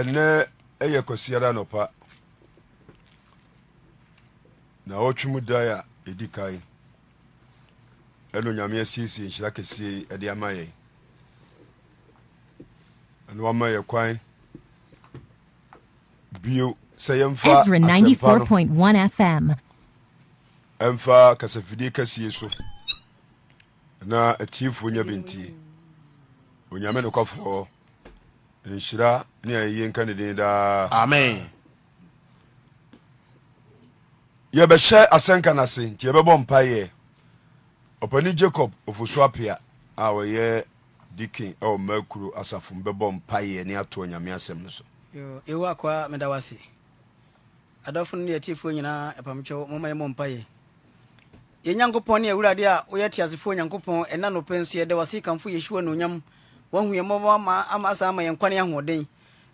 ɛnɛ ɛyɛ kwasiara nɔpa na ɔtwemu dan a ɛdi kan ɛna onyame asiesie nhyira kɛsie ɛde ama yɛn ɛna wama yɛ kwan bio sɛ yɛmfa fm ɛmfa kasafidie kɛsie so na atiefoɔ nya bɛntie onyame nokwafoɔ nhyira ne ayɛyie nka ne den daa amen yɛbɛhyɛ asɛnka no ase nti yɛbɛbɔ mpayɛ ɔpani jacob ofosu apea a ɔyɛ dikin ɛwɔ makuro asafo m bɛbɔ mpayɛ ne ato nyame asɛm no so ɛwu akoa meda wo ase adɔfo no ne yɛtiefoɔ nyinaa ɛpamkyɛw moma yɛmmɔ mpayɛ nyankopɔn ne awurade a woyɛ teasefoɔ nyankopɔn ɛna nopɛ nso yɛdɛ wase kamfo yɛhyiwa no wahu yɛn mmɔbɔ ama ama asa ama yɛn kwan ahoɔden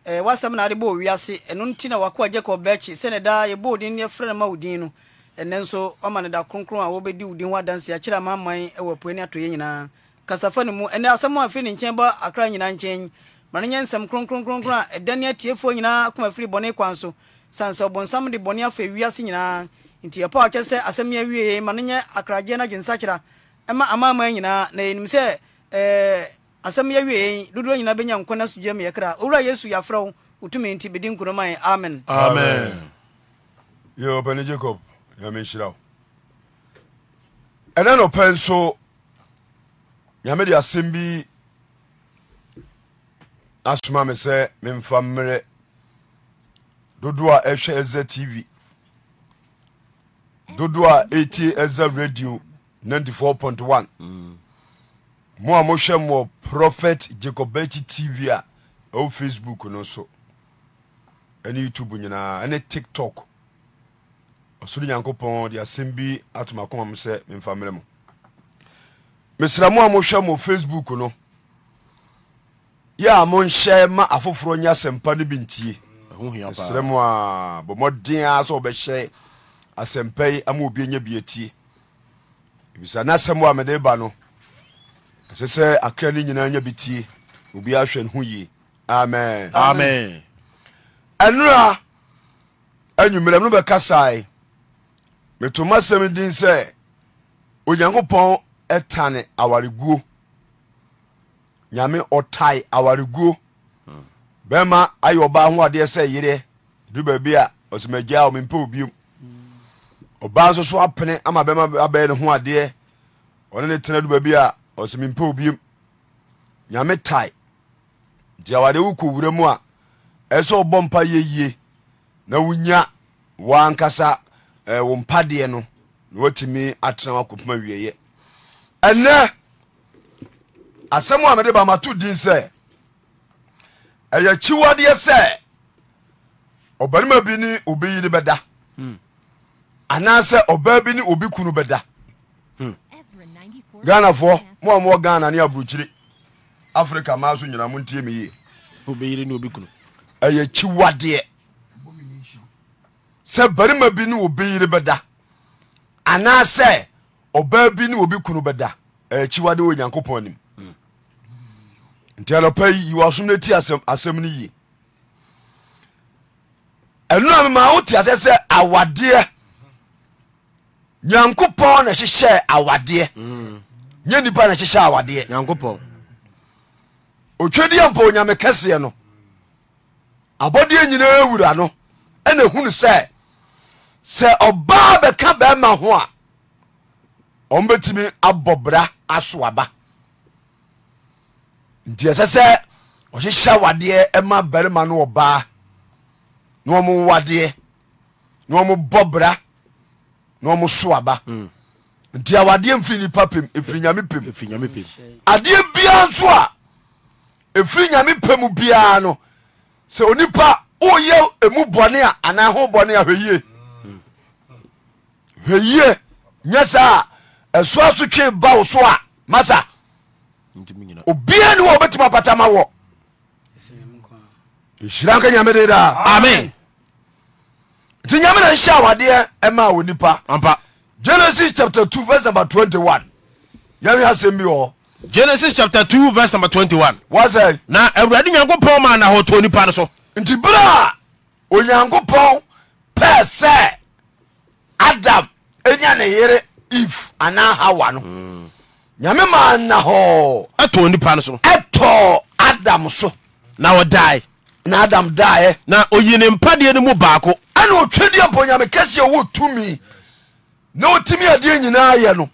ɛɛ wasɛm na ade bɔ owiase ɛno nti na wakɔ agye kɔ sɛ ne daa yɛbɔ odin ne yɛfrɛ no ma odin no ɛnɛ nso wama ne da kronkron a wɔbɛdi odin ho adanse akyerɛ ama aman ɛwɔ apuei ne atoyɛ nyinaa kasafa ne mu ɛnɛ asɛm a afiri ne nkyɛn ba akra nyinaa nkyɛn mara no nyɛ nsɛm kronkronkronkron a ɛdane atiefoɔ nyinaa koma afiri bɔne kwan so sane sɛ de bɔne afa wiase nyinaa nti ɛpɔ a kyɛ sɛ asɛm yɛ awieyei ma no nyɛ akragyeɛ no adwensakyera ɛma amaaman nyinaa na yɛnim sɛ ɛɛ asɛm wie dodoɔ nyina bɛnya nkwa no asodwa meyɛ owura yesu yɛafrɛ wo wotumi nti bɛdi nkuroma ɛ amen amen yɛ jacob nyame nhyira wo ɛnɛ nɔpɛ nso nyame de asɛm bi asoma me sɛ memfa mmerɛ dodoɔ a ɛhwɛ ɛza tv dodoɔ a ɛtie ɛza radio 94.1 mm. mo a mohwɛ mo prophet jacobechi tv a ɛwɔ facebook no so ɛne youtube nyinaa ɛne tiktok ɔsoro nyankopɔn de asɛm bi atomakoma m sɛ memfa mmerɛ mu mesra mo a mohwɛ mo facebook no yɛ a monhyɛ ma afoforɔ nyɛ asɛmpa no bi ntie mesrɛ mo a bɔ a sɛ wɔbɛhyɛ asɛmpa yi ama obi nya bi ebisa na asɛm a mede ba no ɛsɛ sɛ akra no nyinaa nya bitie obiaa hwɛ amen nous, anwummerɛm no bɛka sae metoma sɛm din sɛ onyankopɔn nous awareguo nyame ɔtae awareguo bɛma ayɛ ɔbaa ho adeɛ sɛ nous, nous baabi a nous o mempɛ obiom ɔbaa nso so ama bɛma nous, ne ho ɔne ne tena du ɔsɛ mempɛ obiom nyame tae nti awade wokɔ wura mu a ɛsɛ ɔbɔ mpa yɛyie na wonya woankasa wo mpadeɛ no na watumi atena wakɔpema wieyɛ ɛnɛ asɛm a mede bamato din sɛ ɛyɛ kyiwadeɛ sɛ ɔbarima bi ne obi yiri bɛda hmm. anaasɛ ɔbaa bi ne obi kunu bɛda hmm. ghanafoɔ mo a mowɔ ghana ne aburokyire africa maa so nyina mo ntie me yie ɛyɛ kyiwadeɛ sɛ barima bi ne obi yere bɛda anaasɛ ɔbaa bi ne obi kunu bɛda ɛyɛ kyiwadeɛ wɔ nyankopɔn anim nti anɔpa yi yiwɔ asom no ti asɛm no yie ɛno a mema wote asɛ sɛ awadeɛ nyankopɔn na ɛhyehyɛ awadeɛ nye nipa na hyehyɛ awadeɛ nyankopɔn otwadiɛ mpa onyame kɛseɛ no abɔdeɛ nyinaa wura no ɛna ehunu sɛ sɛ ɔbaa bɛka bɛma ho a ɔmbɛtumi abɔ bra aba nti ɛsɛ sɛ ɔhyehyɛ wadeɛ ma barima no ɔbaa na ɔmo wadeɛ na ɔmo bɔ bra na ɔmo soaba hmm. nti awadeɛ mfiri nipa pem ɛfiri nyame pem adeɛ biaa nso a ɛfiri nyame pɛ mu biara no sɛ onipa woyɛ ɛmu bɔne a anaa ho bɔne a hwɛyie hwɛyie nyɛ saa a ɛsoa twe ba wo so a masa obiaa ni wɔ wobɛtumi apatama wɔ ɛhyira nka nyame de daa amen nti nyame na nhyɛ awadeɛ ɛma wɔ nipa genesis chapter two verse number 21 yɛhwɛ asɛm bi wɔ genesis chapter two verse number twenty one. 21 wasɛ na awurade nyankopɔn ma nahɔtɔ nipa no so nti bere a onyankopɔn pɛɛ sɛ adam ɛnya ne yere eve anaa hawa no nyame ma nahɔ ɛtɔ nipa no so ɛtɔɔ adam so na ɔdae na adam daeɛ na oyi ne mpadeɛ no mu baako ɛne ɔtwadiɛ mpo nyame kɛseɛ wɔ tumi na otumi adeɛ nyinaa yɛ no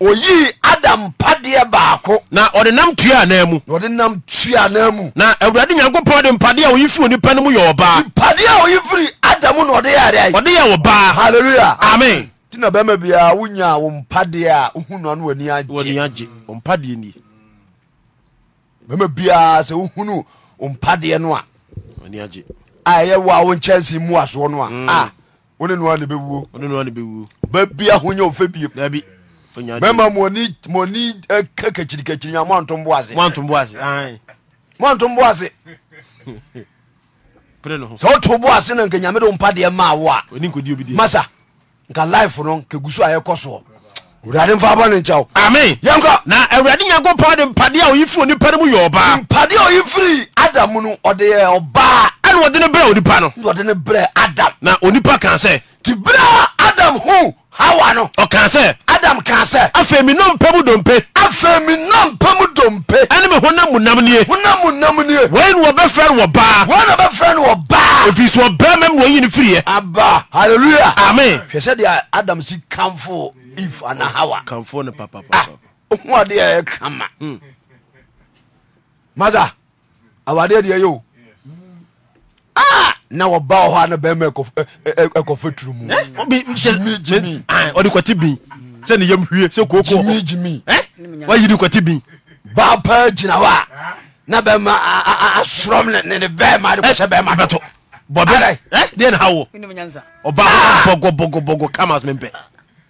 oyii adam mpadeɛ baako na ɔde nam tua anaa mu na ɔde nam tua anaa mu na awurade nyankopɔn de mpadeɛ a oyi firi onipa no mu yɛ ɔbaa padeɛ a oyi firi adam na ɔde yɛ adeɛ ɔde yɛ ɔbaa halleluya amen nti na bɛrima biara wonya wo mpadeɛ a wohu no ano w'ani wɔde agye agye ɔmpadeɛ nie bɛrima biara sɛ wohu no wo mpadeɛ no a wɔde agye a ɛyɛ wo a wo nkyɛnse mu asoɔ no a mm. a wone noa ne bɛwuo ɔne noa ne bɛwuo babia ho nyɛ ɔfɛ biem dabi bɛma mɔni ka kakyirikakyiri nya moantom bo ase moantom bo ase moantom bo ase sɛ woto bo ase no nka nyame de mpa deɛ maa wo a masa nka life no nka gu so a yɛkɔ soɔ wurade mfa bɔ ne nkyɛw ame yɛnkɔ na awurade nyankopɔn de mpadeɛ a ɔyi firi onipa no mu yɛ ɔbaa mpadeɛ a ɔyi firi adam no ɔde yɛ ɔbaa ɛne wɔde ne brɛ onipa no wɔde ne brɛ adam na onipa ka sɛ ti brɛ adam hu hawa no ɔka sɛ adam ka sɛ afei mi nam pɛ mu dompe afei mi nam pɛ mu dompe ɛne me honam mu nam nie honam mu nam nie wɔi ne wɔbɛfrɛ no wɔ baa wɔn na bɛfrɛ no wɔ baa ɛfiri sɛ ɔbrɛ mɛm wɔyi ne firiɛ aba Hallelujah, amen hwɛ sɛ deɛ adam si kamfo if ana hawa kamfo ne papa papapa ah, ohu adeɛ ɛyɛ kama hmm. maza awadeɛ deɛ yɛ o na wɔba hɔ na bɛma ɛkɔfa turumunɔde kwate bin sɛ ne yam hwie sɛ kookɔ eh? wayiri kwate bin ba paa gyina hɔ a na bɛma asorɔm ne ne bɛma de kɔhyɛ bɛma eh, bɛto bɔbɛ eh? deɛ na hawo ɔba kamas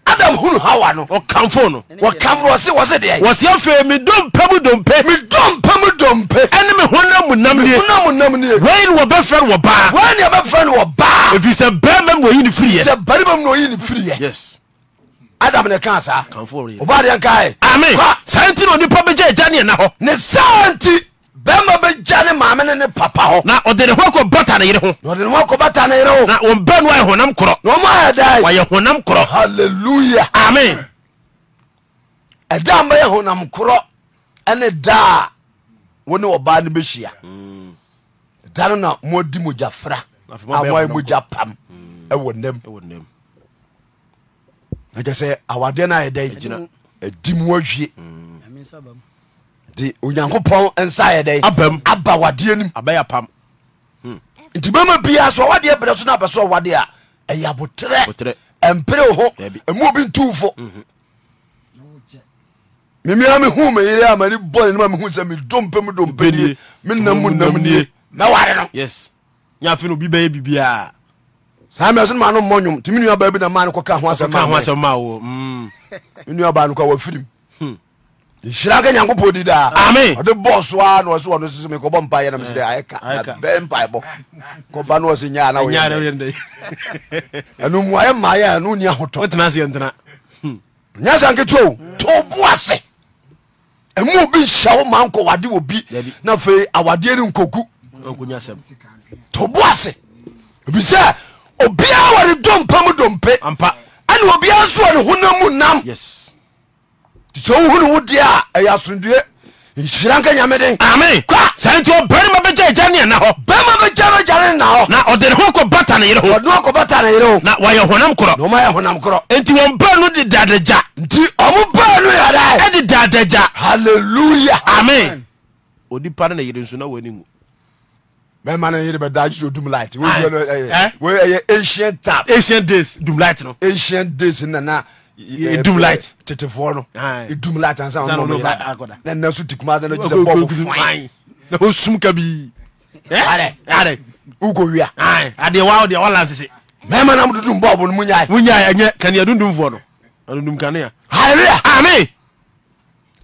adam hunu hawa no ɔkamfo no wɔkamfo wɔse wɔse deɛ wɔse afei medompa mu dompe medompa mu dompe ɛne me honam mu nam nie honam mu nam nie wei ne wɔbɛfrɛ no wɔ baa wei ne wɔbɛfrɛ no wɔ baa ɛfiri sɛ bɛrima mu wɔyi ne firiɛ sɛ bɛrima mu na ɔyi ne firiɛ yes adam ne kaa saa ɔbaadeɛ nkae ame saa nti na onipa bɛgya agya ne ɛna hɔ ne saa bɛma bɛgya ne maame ne ne papa hɔ na ɔde ne ho akɔ bata ne yere ho na ɔde ne ho akɔ bata ne yere ho na wɔn bɛ no ayɛ honam korɔ na ɔmo ayɛ daa wɔyɛ honam korɔ hallelujah amen ɛda mbɛyɛ honam korɔ ɛne daa wo ne ɔbaa no bɛhyia da no na moadi mogyafra a moayɛ mogya pam ɛwɔ nam ɛkyɛ sɛ awadeɛ no ayɛ dɛn adi mu awie hmm nti onyankopɔn nsa yɛ dɛn aba wadeɛ nim abɛyɛ pam hmm. nti bɛma biaa so ɔwadeɛ brɛ so no abɛ so ɔwade a ɛyɛ aboterɛ ɛmpere ho ɛmu obi ntuufo memia mhm. mehu me yere a mane bɔne nima mehu sɛ medompɛ mudompɛnie menam mu nam nie mɛware no nyafe no obi bɛyɛ bibia saa mɛ so no ma no mmɔ nwom nti menua baa bi na ma no kɔka ho asɛm ma wo mm. menua baa no kɔ wafirim nhyira ka nyankopɔn di daa ɔde bɔ soa na ɔse wɔno soso me kɔbɔ mpa yɛ nam sɛ ayɛka bɛ mpaebɔ kɔba na ɔse nyaa na woyɛ ɛno mmuayɛ ma yɛ no nni ahotɔ hmm. nya sa nketewa o to bo ase ɛmu obi nhyɛ wo ma nkɔ wade wɔ bi na afei awadeɛ no nkoku to bo ase ebisɛ obiara wɔre dɔmpa mu dɔmpe ɛne obiara nso wɔ ne honam mu nam yes sɛ wohune wo deɛ a ɛyɛ asomdue nhyira nka nyameden ame ka saa nti ɔbarima bɛgya agya ne ɛna hɔ bɛma bɛgya bɛgya ne na hɔ na ɔde ne ho kɔ bata ne yere ho kɔ bata ne yere ho na wɔyɛ honam korɔ na ɔmayɛ honam korɔ enti wɔn ba no de dadagya nti ɔmo ba no yɛ ɛde dadagya hallelujah amen onipa no ne yere nso na wɔani mu mẹ́ẹ̀mà náà yẹ́rẹ́ bẹ̀ dá dum light wọ́n ancient tap ancient days dum light no ancient days nana edum eh, eh, light tetefoɔ no ah. edum light ansa wɔn n'olu yɛrɛ na nna so ti kuma ase na jisɛ bɔɔbu fain na o sum kabi ɛɛ eh? ɛɛ u ko wia adeɛ wa adeɛ wa lansese mɛɛma na mu dundun bɔɔbu ni mu nya ye mu nya ye ɛnyɛ kaneya dundun fɔ no dundun kaneya hallelujah amen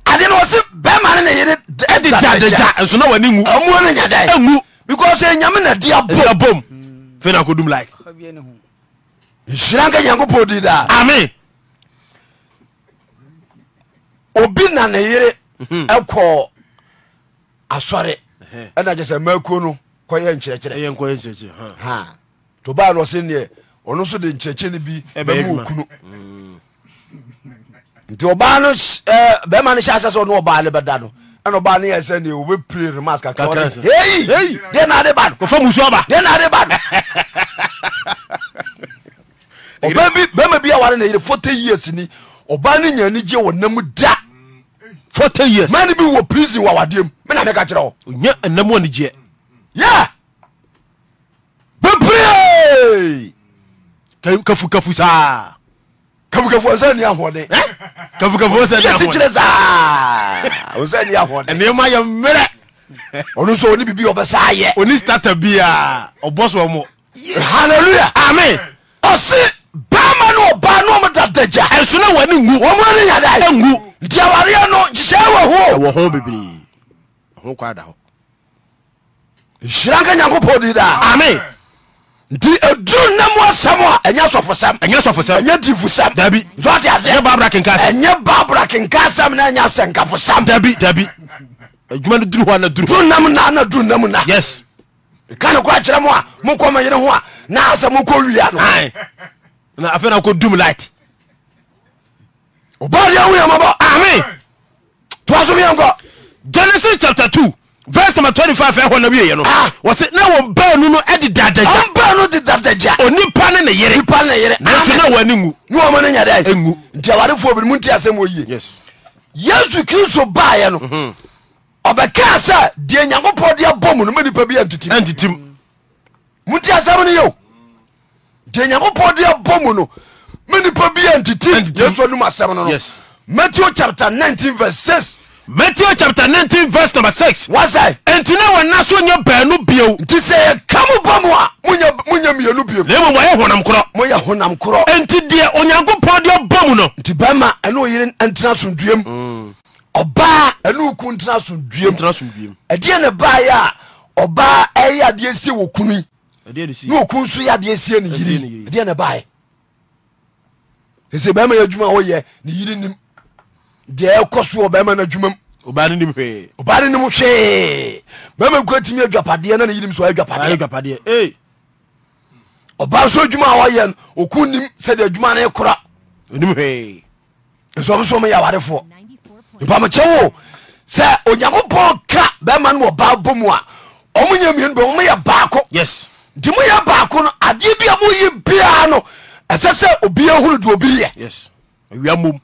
adeɛ na wɔsi bɛɛma ne na yɛrɛ ɛdi ja de ja nso na wani ngu ɔmu ni nya da ye ngu because enyame na di abom fɛn na ko dum light nsira nkɛ nyanko pɔ di da amen. obi na ne yere mhm. ɛkɔɔ asɔre ɛna kyɛ sɛ no kɔyɛ nkyerɛkyerɛ to baa no ɔno nso de nkyerɛkyerɛ no bi okunu mm. nti ɔbaa no bɛma no hyɛ asɛ sɛ ɔne ɔbaa no bɛda no ɛna ɔbaa no yɛ sɛ neɛ wɔbɛpire remas deɛ na ba no deɛ ba no bi yere ni ɔba no nyane gye wɔ nam da ft years mane bi wɔ prison wɔawadeɛm mena meka kyerɛ wo ɔnya ɛnam ane gyeɛ yɛ bebree kafukafu saa kafukafu ɔsɛ ni ahoɔden kafukafu ɔsɛ ni ahoɔden yɛsi kyerɛ saa ɔsɛ ni ahoɔden ɛnìyɛmá yɛ mmerɛ ɔno nso ɔni bibi ɔbɛ saa yɛ ɔni starter bia ɔbɔ sɔmɔ hallelujah amen ɔsi sɛ gya ɛnso na wɔne ngu wɔn ne yada ɛngu nti awareɛ no hyehyɛ wɔ ho ɛwɔ ho bebree ho kɔ ada hɔ nhyira nka nyankopɔn di daa amen nti ɛduru nam asɛm a ɛnyɛ sɔfosɛm ɛnyɛ sɔfosɛm ɛnyɛ difusɛm dabi nsɔte aseɛ ɛnyɛ babra kenka asɛm ɛnyɛ babra kenka asɛm na ɛnyɛ asɛnkafosɛm dabi dabi adwuma no duru hɔ na duru duru nam na na duru nam na yes ka kɔ akyerɛ mu a mokɔ ma yere ho a na asɛ mokɔ wia no na afei na kɔ dum light obadeɛwoyamabɔ ame toa so miɛnkɔ genesis chapter two, verse number twenty five ẹ hɔ na wiye yɛ no. wɔ se na wɔn baanu no ɛde dada gya. wɔn baanu de dada gya. onipa ne ne yere. nipa ne ne yere. nansi na wɔn ani ngu. ni wɔn ani nya dɛ. engu. nti awari fo obìnrin mu nti asɛm wɔ yie. yes. yesu kristo baa yɛ no. ɔbɛka mm-hmm. sɛ deɛ nyankopɔ deɛ bɔ mu no mɛ nipa bi yɛ ntitim. ntitim. mu nti ni yɛ o deɛ me nipa bi antiti yesu anum asɛm no no matthew chapter 19 verse 6 matthew chapter 19 verse number 6 wasɛ enti na wɔna so nyɛ baanu bio nti sɛ yɛka mo bɔ mo a monya mmienu bio na mmom wɔyɛ honam korɔ moyɛ honam korɔ enti deɛ onyankopɔn de ɔbɔ no nti bɛma ɛne ɔyere ntena asomduam mm. ɔbaa ɛne oku ntena asomduam ɛdeɛ ne baeɛ a ɔbaa ɛyɛ adeɛ si wɔ kunu yi na oku nso yɛ adeɛ sie ne yiri ɛdeɛ ne baeɛ sɛ bɛma yɛ adwuma woyɛ ne yiri nim deɛ ɛkɔ so wɔ bɛma no adwuma mu ɔba ne nim hwee bɛma kura tumi adwapadeɛ na ne yirim so ɔyɛ ɔba so adwuma a wɔyɛ no ɔku nim sɛdeɛ adwuma no ɛkora nsom so meyɛ awarefoɔ mpamokyɛ wo sɛ onyankopɔn ka bɛma no wɔ baa bɔ mu a ɔmo nya mmienu bɛ ɔmo yɛ baako nti moyɛ baako no adeɛ bi a moyɛ biara no ɛsɛ sɛ obia hunu de obi yɛ awia mom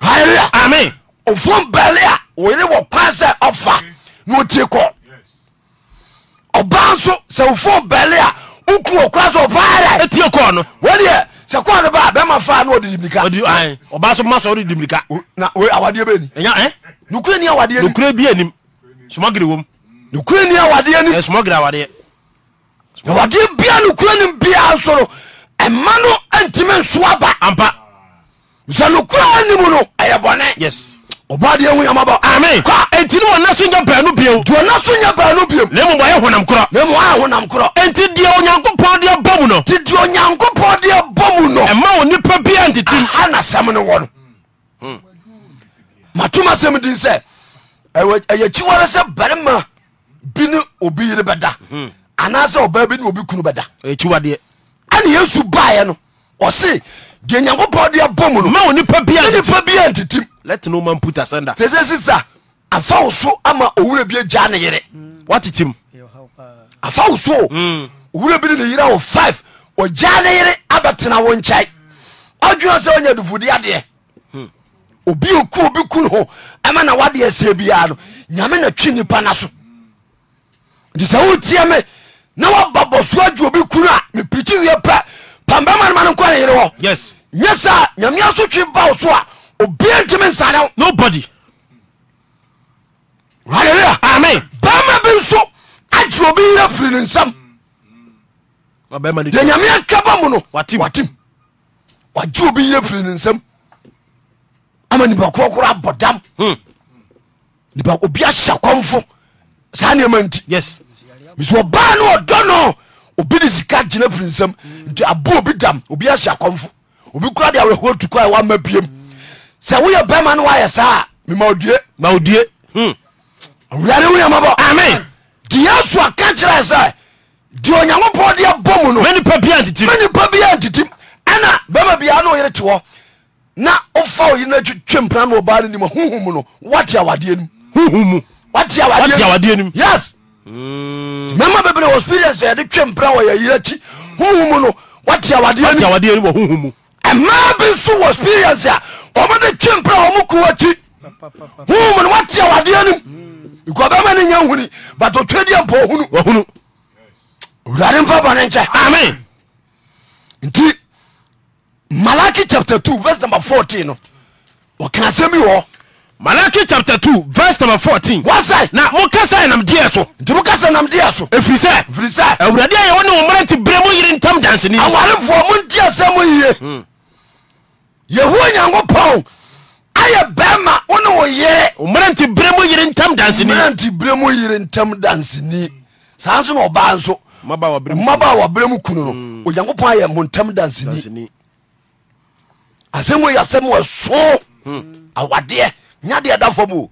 hallelujah amen ofun bɛle a wɔ kwan sɛ ɔfa mm. na otie kɔ ɔbaa nso sɛ ofun bɛle a wɔ kwan ɔfa ara etie kɔ no wɔdeɛ sɛ kɔn ne ba bɛma fa na ɔdi ayi ɔbaa so ma sɔ ɔde dimirika na oye awadeɛ bɛ ni ɛnya eh? ni awadeɛ ni nukuri bi anim sumagiri wɔm nukuri ni awadeɛ ni eh, sumagiri awadeɛ awadeɛ bia nukuri ni bia nso ɛma no antimi nsoa ba ampa sɛ nokora nimu no ɛyɛ bɔne ɔbadeɛ hu yamabɔ ami kɔ enti ne wɔna so nya baanu bio nti wɔna so nya baanu bio na mmom wɔyɛ honam korɔ na mmom wɔyɛ honam korɔ enti deɛ onyankopɔn deɛ bɔ mu no nti deɛ onyankopɔn deɛ bɔ mu no ɛma onipa bia ntetim aha na sɛm no wɔ no hmm. matoma sɛm din sɛ ɛyɛ sɛ barima bi ne obi yere bɛda hmm. anaasɛ ɔbaa bi ne obi kunu bɛda ɛyɛ ane yesu baɛ no ɔse deɛ nyankopɔn de abɔ mu noma onipa bianipa bia ntetim let no man put asunder sɛ sɛ sisa afa wo so ama owura bi agya ne yere watetim afa wo so mm. owura bi ne ne yere wɔ 5 ɔgya ne yere abɛtena wo nkyɛe ɔdwena sɛ ɔnya adufudi adeɛ hmm. obi oku obi kun ho ɛma na wadeɛ sɛ biara no nyame na twi nipa na so nti sɛ wotie me na waba bɔsoa adwu obi kunu a mepirikyi wiɛ pɛ pambama noma no nkɔ ne yere wɔ nyɛ saa nyamea so twe bao so a obia ntimi nsane wo nobody halleluya amen bɛrima bi nso agye obi yera firi ne nsam yɛ nyamea ka mu no watim wagye obi yera firi ne nsam ama nipa abɔ dam hmm. obi ahyɛ kɔmfo saa nneɛma nti yes misi ɔba no ɔdɔ no obi ne sika gyina firi nsam nti abo obi dam obi ahyɛ akɔmfo obi kora de awerɛhoɔ tu kɔ a wama biem sɛ woyɛ bɛma no woayɛ saa mema odue ma odue hmm. awurade woyamabɔ amen de yesu aka kyerɛ sɛ deɛ onyankopɔn de abɔ mu no manipa bia ntitim manipa bia ntitim ɛna bɛma biaa ne ɔyere te hɔ na wofa oyere no twitwe mpena no ɔbaa no nim a mu no wate awadeɛ nim huhu mu wate awadeɛ nim yes mɛma bebina wo experienceyɛde twepera yyerki mabinoxprenea mde tweperamk ki wteadenmaneyabpdemfa bn ky nti malaki chapte 2 vs nb 4 no ɔkena sɛmih malaki chapter two verse number fourteen. wọ́n sẹ́. na mo kasa ẹ̀ nam díẹ̀ so. nti mo kasa nam díẹ̀ so. efiri sẹ́. efiri sẹ́. awurade ayẹwo ni wọn ti bere mo yiri ntam dansi ni. àwọn àlefo mo di ẹsẹ mo yie. Hmm. yehu onyanko pọn ayẹ bẹẹma wọn ni wọn yẹrẹ. wọn mìíràn ti bere mo yiri ntam dansi ni. mìíràn ti bere mo yiri ntam dansi ni. saa nso na ọbaa nso. mmaba wa bere mu kunu no hmm. onyanko pọn ayẹ mo ntam dansi ni. asẹ́mu yasẹ́mu ẹ̀sùn awadeẹ. Hmm nya deɛ da fam o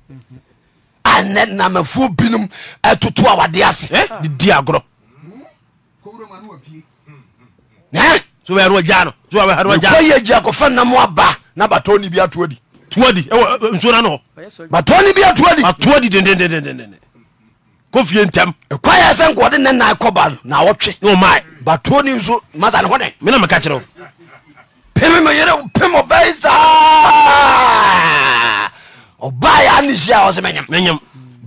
anɛ namafuo binom ɛtoto a wade ase eh? ne di agorɔ yɛ gya kɔfa nam aba na batɔ ne bi atoa di eh, eh, no batɔ ne bi atoa di atoa di dendendendendende kó fie ntɛm. ɛkwa yɛ sɛ nkɔde ne na wɔtwe. n'o ma Batoni batɔ ni nso masa ni hɔn dɛ. mi kyerɛ o. pemi mi saa ɔba yɛ a ɔsɛ mɛnyam mɛnyam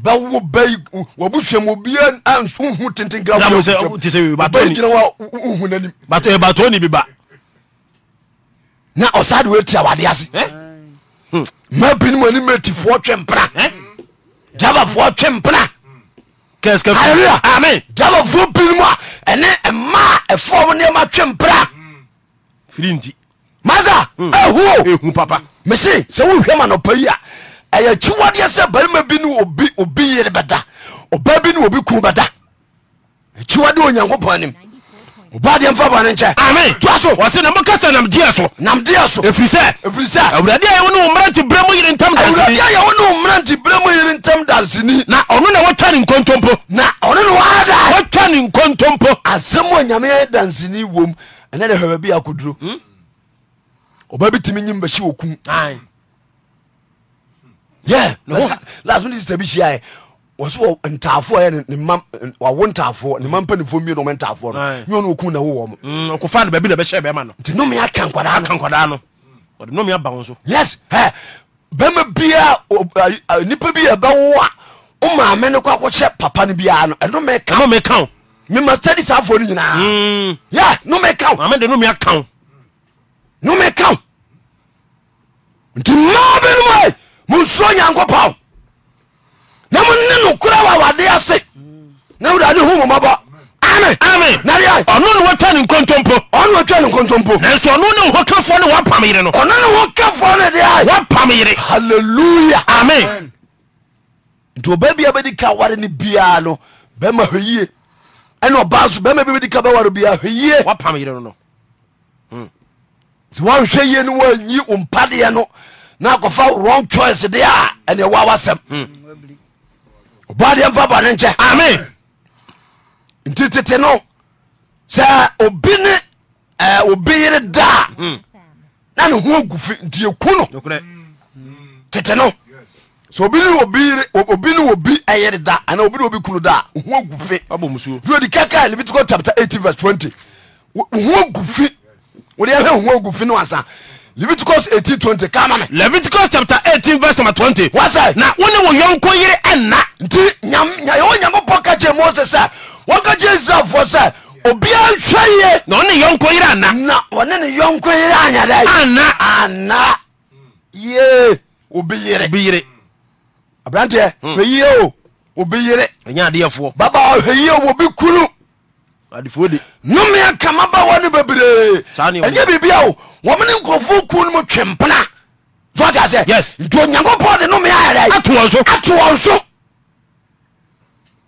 bɛwo bɛyi wɔbu fiam obia ansohu tenten gra bɛyi gyina wa ohu bato ni bi ba na ɔsa de wɔati awade ase eh? hmm. ma binom ani metifoɔ twe mpena eh? javafoɔ twe mpena hallelujah amen javafoɔ binom a ɛne mmaa ɛfoɔ mo nneɛma twe mpena firi nti masa hmm. Ehu. ehu papa mese sɛ wohwɛ ma nɔpa yi a ɛyɛ kyiwadeɛ sɛ barima bi ne obi yere bɛda ɔba bi ne obi ku bɛda kyiwadeɛ onyankopɔn anim obadeɛ mfa bɔne nkyɛ ame toa so wɔse na mokasa namdeɛ so namdeɛ so ɛfiri sɛ ɛfiri sɛ awurade a yɛwo ne wo mmerante berɛ mu yere ntam daseni awurade a yɛwo ne wo mmerante berɛ mu yere ntam daseni na ɔno na wɔtwa ne nkontompo na ɔno ne waada wɔtwa ne nkontompo asɛm a nyame danseni wom ɛnɛ dɛ hwɛ baabi akoduro hmm? ɔba bi tumi nyim bɛhye wɔ kum yɛ last minute sister bi hyia yɛ wɔso wɔ ntaafoɔ yɛ ne ma wawo ntaafoɔ ne ma mpanimfoɔ mmienu wɔn ntaafoɔ no nyɛ ɔno okun na wo wɔn. Mm, ɔkofa no baabi na bɛhyɛ bɛrima no. nti nnome aka nkwadaa no. aka nkwadaa no wɔde nnome aba wɔn so. yes ɛ bɛrima bia nipa bi yɛ bɛwo a o maame ne kɔ akɔhyɛ papa no biara no ɛnome ka. ɛnome ka o. mema study saa afɔ no nyinaa. Mm. yɛ nnome ka o. maame de nnome aka o. nnome ka o. nti mmaa bi no mu ayi monsuro nyankopɔn na mone nokora wawade ase na wurade hu mɔmɔbɔ ɔno ne wɔtwa ne nkontompo ɔno wɔtwa ne nkontompo nanso ɔno ne hɔkafoɔ ne wapam yere no ɔno ne hɔkafoɔ ne deɛ wapam yere halleluya amen nti ɔbaa bia bɛdi ka ware no biaa no bɛma hɔyie ɛne ɔbaa so bɛma bi bɛdi ka bɛware biaa hɔyie wapam yere no no hmm. nti woanhwɛ yie no woanyi wo mpadeɛ no na akɔfa wrong choice deɛ a ɛne ɛwɔ awasɛm hmm. ɔbɔdeɛ mfa bɔne nkyɛ ame nti hmm. tete no sɛ obi ne obi yere da a na ne ho agu fi nti yɛku no tete no sɛ obi ne obi yere obi ne obi ɛyere da anaa obi ne obi kunu da a ho agu fi duodi kaka Levitical chapter eighteen verse twenty ho agu fi wɔde yɛ hɛ ho agu fi no ansa leviticus 1820 kama me leviticus chapter 18 verse number 20 wasa na wone wo yɔnko yere ɛnna nti yɛwɔ nyankopɔn ka kyerɛ mose sɛ wɔka kyerɛ israelfoɔ sɛ obiara nhwɛ ye na ɔne yɔnko yere ana na ɔne ne yɔnko yere anyada ana ana ye obi yere obi yere aberanteɛ hmm. hwɛ yie o obi yere ɛnyɛ adeɛfoɔ baba hwɛ o obi kunu nome akama ba wɔ no bebree ɛnyɛ biribia o wɔmene nkurɔfo ku no mu twe mpena sɛ nti onyankopɔn de nome ayɛdɛ atoɔ nso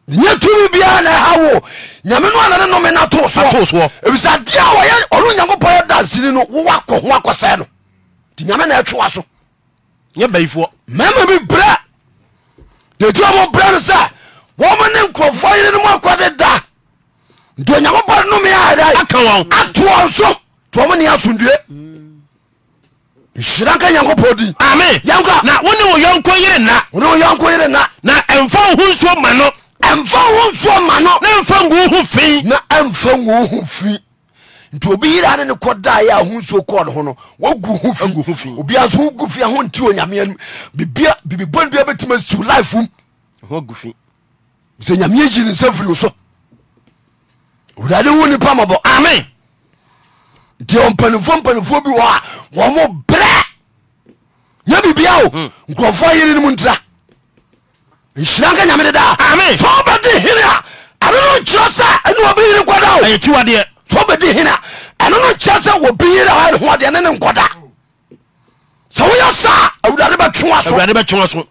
nyɛ tumi biara na ɛha wo nyame no anane nome no atoo soɔ ebisa deɛ a wɔyɛ ɔno onyankopɔn yɛ dansini no wowɔ akɔ ho akɔsɛɛ no nti nyame na ɛtwewa so nyɛ bayifoɔ mɛma bi brɛ deɛ ti ɔmo brɛ no sɛ wɔmo ne nkurɔfoɔ yere no mu akɔde da nti onyankopɔn nomyɛdaka atoɔ so toɔmo ne asomdue nhyira nka nyankopɔn din ame yanka na wone wo yɔnko yere nna wone wo yɔnko yere nna na ɛmfa wo ho nsuo ma no ɛmfa wo nsuo ma no na ɛmfa ngu ho fi na ɛmfa ngu ho fi nti obi yere ade ne kɔda yɛ a ho nsuo kɔɔ ne ho no wagu ho fi obia so ho gu fi a ho nti onyame anim bibia bibibɔ no bia bɛtumi asiw life m ho gu fi sɛ nyame yi ne nsa firi wo so wurade wo nipa mɔbɔ ame deɛ ɔmpanifo mpanifo bi wɔ a wɔ mo brɛ yɛ biribia o hmm. nkurɔfoɔ yere no mu ntira nhyira nka nyame dedaa ame sɛ wobɛde hene a ɛno no nkyerɛ sɛ ɛne wɔbɛyere nkɔda o ɛyɛ tiwadeɛ sɛ wobɛdi hene a ɛno no nkyerɛ sɛ wɔbɛyere a ɛne hoɔdeɛ ne ne nkɔda sɛ woyɛ saa awurade bɛtwewa so awurade bɛtwewa so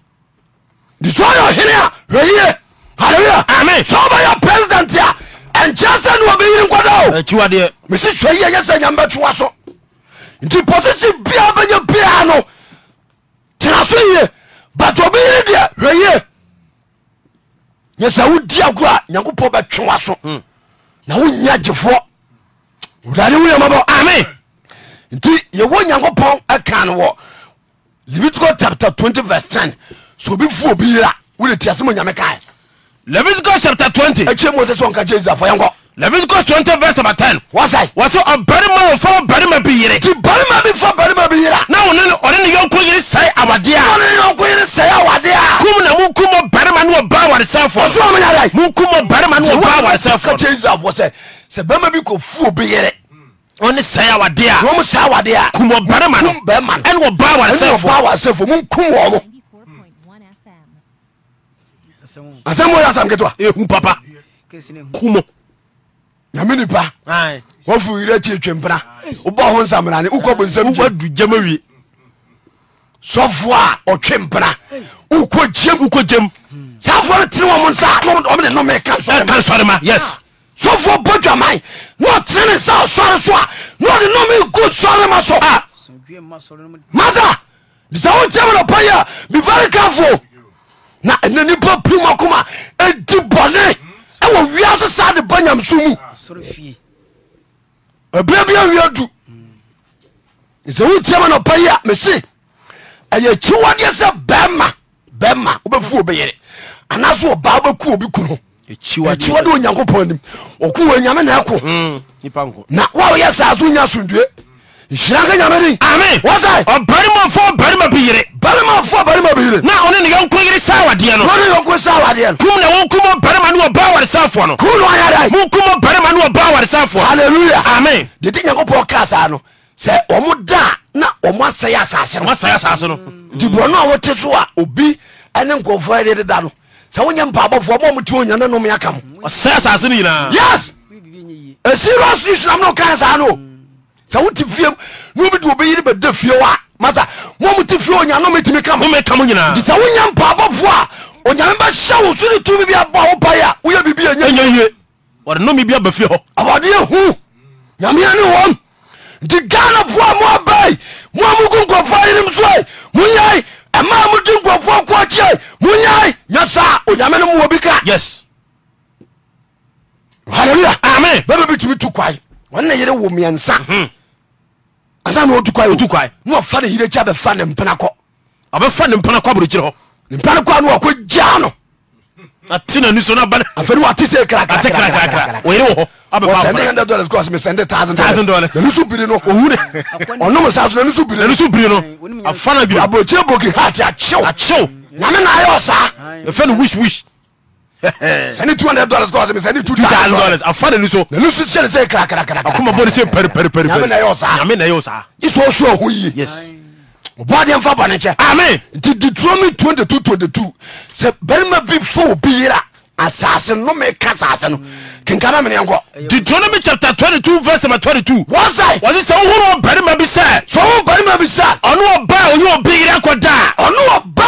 nti sɛ ɔyɛ ɔhene a hwɛ yie halleluya ame sɛ wobɛyɛ president a ɛnkyɛ sɛ ne wɔbɛyiri nkɔda o mesi sua yi ɛyɛ sɛ nyambɛtwewa so nti posisi bia bɛnya bia no tena so yie but obɛyiri deɛ hwɛ yie nyɛ sɛ wodi agoro a nyankopɔn bɛtwewa so hmm. na wonya gyefoɔ wurade woyamabɔ ame nti yɛwɔ nyankopɔn ɛka no wɔ levitical chapter 20 verse 10 so obi fu obi yira wode tiasɛ ma nyame kae leviticus chapter twenty. ekyir mu sisi wọn ka jẹ ezafo yẹn kọ. leviticus twenty verse number ten. wọ́sà. wọ́sẹ̀ ọ̀bẹ̀rẹ̀mà òfò ọ̀bẹ̀rẹ̀mà bi yẹrẹ. ti bẹ̀rẹ̀mà bi fọ bẹ̀rẹ̀mà bi yẹrẹ. náà wọn ni ọ̀rẹ́ ni yọ̀nkó yẹrẹ sẹ́yìn awadeya. wọn ni yọ̀nkó yẹrẹ sẹ́yìn awadeya. kum na mu kum mọ bẹ̀rẹ̀mà ni wọ́n bá awaresẹ́fọ. wọ́sẹ̀ wọn mi yàrá yìí. mu kum mọ bẹ̀rẹ̀mà ni wọ́n bá awaresẹ́fọ. kẹ́kẹ́ ezafo sẹ sẹ bẹ́ẹ̀ma bi kò fún obi yẹrẹ wọn ni sẹ awadeya. wọn mu kum wọ bẹ̀rẹ̀mà ni. kum bẹ̀rẹ̀mà ni. ẹni wọ bá mu kum wọ ọmọ asɛm wɔyɛ asɛm ketewa ɛhu papa kumo nyame nipa wɔfo werɛ akyi atwempena wobɔ ho nsamrane wokɔ bɔ nsɛm wadu gyama wie sɔfo a ɔtwe mpena wokɔ gyem wokɔ gyem hmm. saa foɔ no tene wɔ mo nsa ɔmene nome sɔre ma yes ah. sɔfoɔ bɔ dwaman na ɔtene ne nsa ɔsɔre so a na ɔde nome gu sɔre ma so ah. masa de sɛ wotiamɛ nɔpa yi a be very careful na ɛna nipa pirim akoma ɛdi bɔne ɛwɔ wiase saa de ba nyamso mu ɛbia bia wia du sɛ wotiama na ɔpa yi a mese ɛyɛ kyiwadeɛ sɛ bɛma bɛma wobɛfu obɛyere anaasɛ ɔbaa bɛku obi kuro akyiwade onyankopɔn anim ɔko nyame na ɛko hmm, na woa woyɛ saa so nya asomdue nhyira nka nyame din ami wɔsɛ ɔbarimafo barima bi yere barimafo barima bi yere na ɔne ne yɔnko yere saa wadeɛ no ɔne yɔnko saa wadeɛ no kum na wɔnkum ɔbarima ne ɔbaa waresafoɔ no kum na ɔyɛ dɛ monkum ɔbarima ne ɔbaa waresafoɔ halleluya ami dede nyankopɔn kaa saa no sɛ ɔmo da na ɔmo asɛe asase no asɛe asase no nti borɔno a wote so a obi ɛne nkurɔfoɔ ɛde deda no sɛ wonyɛ mpaabɔfoɔ ma ɔmoti onyane nomeaka mo ɔsɛe asase yes ɛsirus islam no kaa saa no sɛ wote fiem na obi de obɛyere bɛda fie hɔ a masa momote fie onyame metumi ka momeka mo nyinaanti sɛ wonya mpaabɔfoɔ a onyame bɛhyɛ wo so ne tumi bi abɔ wo pae a woyɛ biribi ɛnyanya ye nome bi aba fie hɔ awadeɛ hu nyamea ne wɔm nti ghanafoɔ a mo mo a mogu nkurɔfoɔ yenem soe monyae ɛma modi nkurɔfoɔ koakyiɛ monyae nyɛ saa onyame no mowɔ bi ka yes halleluya ame bɛbɛ bi tumi kwae wɔne yere wo miɛnsa mhm asane otu kwa otu kwa mu ɔfa ne yire kyi abɛfa ne mpena kɔ abɛfa ne mpena kɔ aburukyerɛ hɔ ne mpena kɔ anu ɔkɔ gyaa no ati na A abali afɛni wa ati se karakara ati karakara o yɛrɛ wɔ hɔ abɛfa ɔfɔ sɛnde hundred dollars kɔsi mi sɛnde thousand dollars thousand dollars nanusu biri no owu de ɔnum saso nanusu biri nanusu biri no afana bi aburukyerɛ boki ha ati akyew akyew nyame na ayɛ ɔsaa efɛ ni wish wish sani two hundred dollars kɔ sɛmi sani two thousand dollars a fa de nisɔn na nisɔn sɛ de se karakarakara a kuma bɔ de se pɛri pɛri pɛri ɲamina y'o sa ɲamina y'o sa isu o su o hu yi yes o bɔ adiɛ nfa bɔnɛ cɛ ami nti Deuteronomy twenty two twenty two sɛ barima bi fo o bi yira a saasi numu ka saasi nu kenkama mene nkɔ deuteronomy chapter 22 verse number 22 wọ́n sẹ́ wọ́n sẹ́ wọ́n bẹ̀rẹ̀mà bi sẹ́ sọ wọ́n bẹ̀rẹ̀mà bi sẹ́ ọ̀nù ọba oyè obi yìí kọ́ da ọ̀nù ọba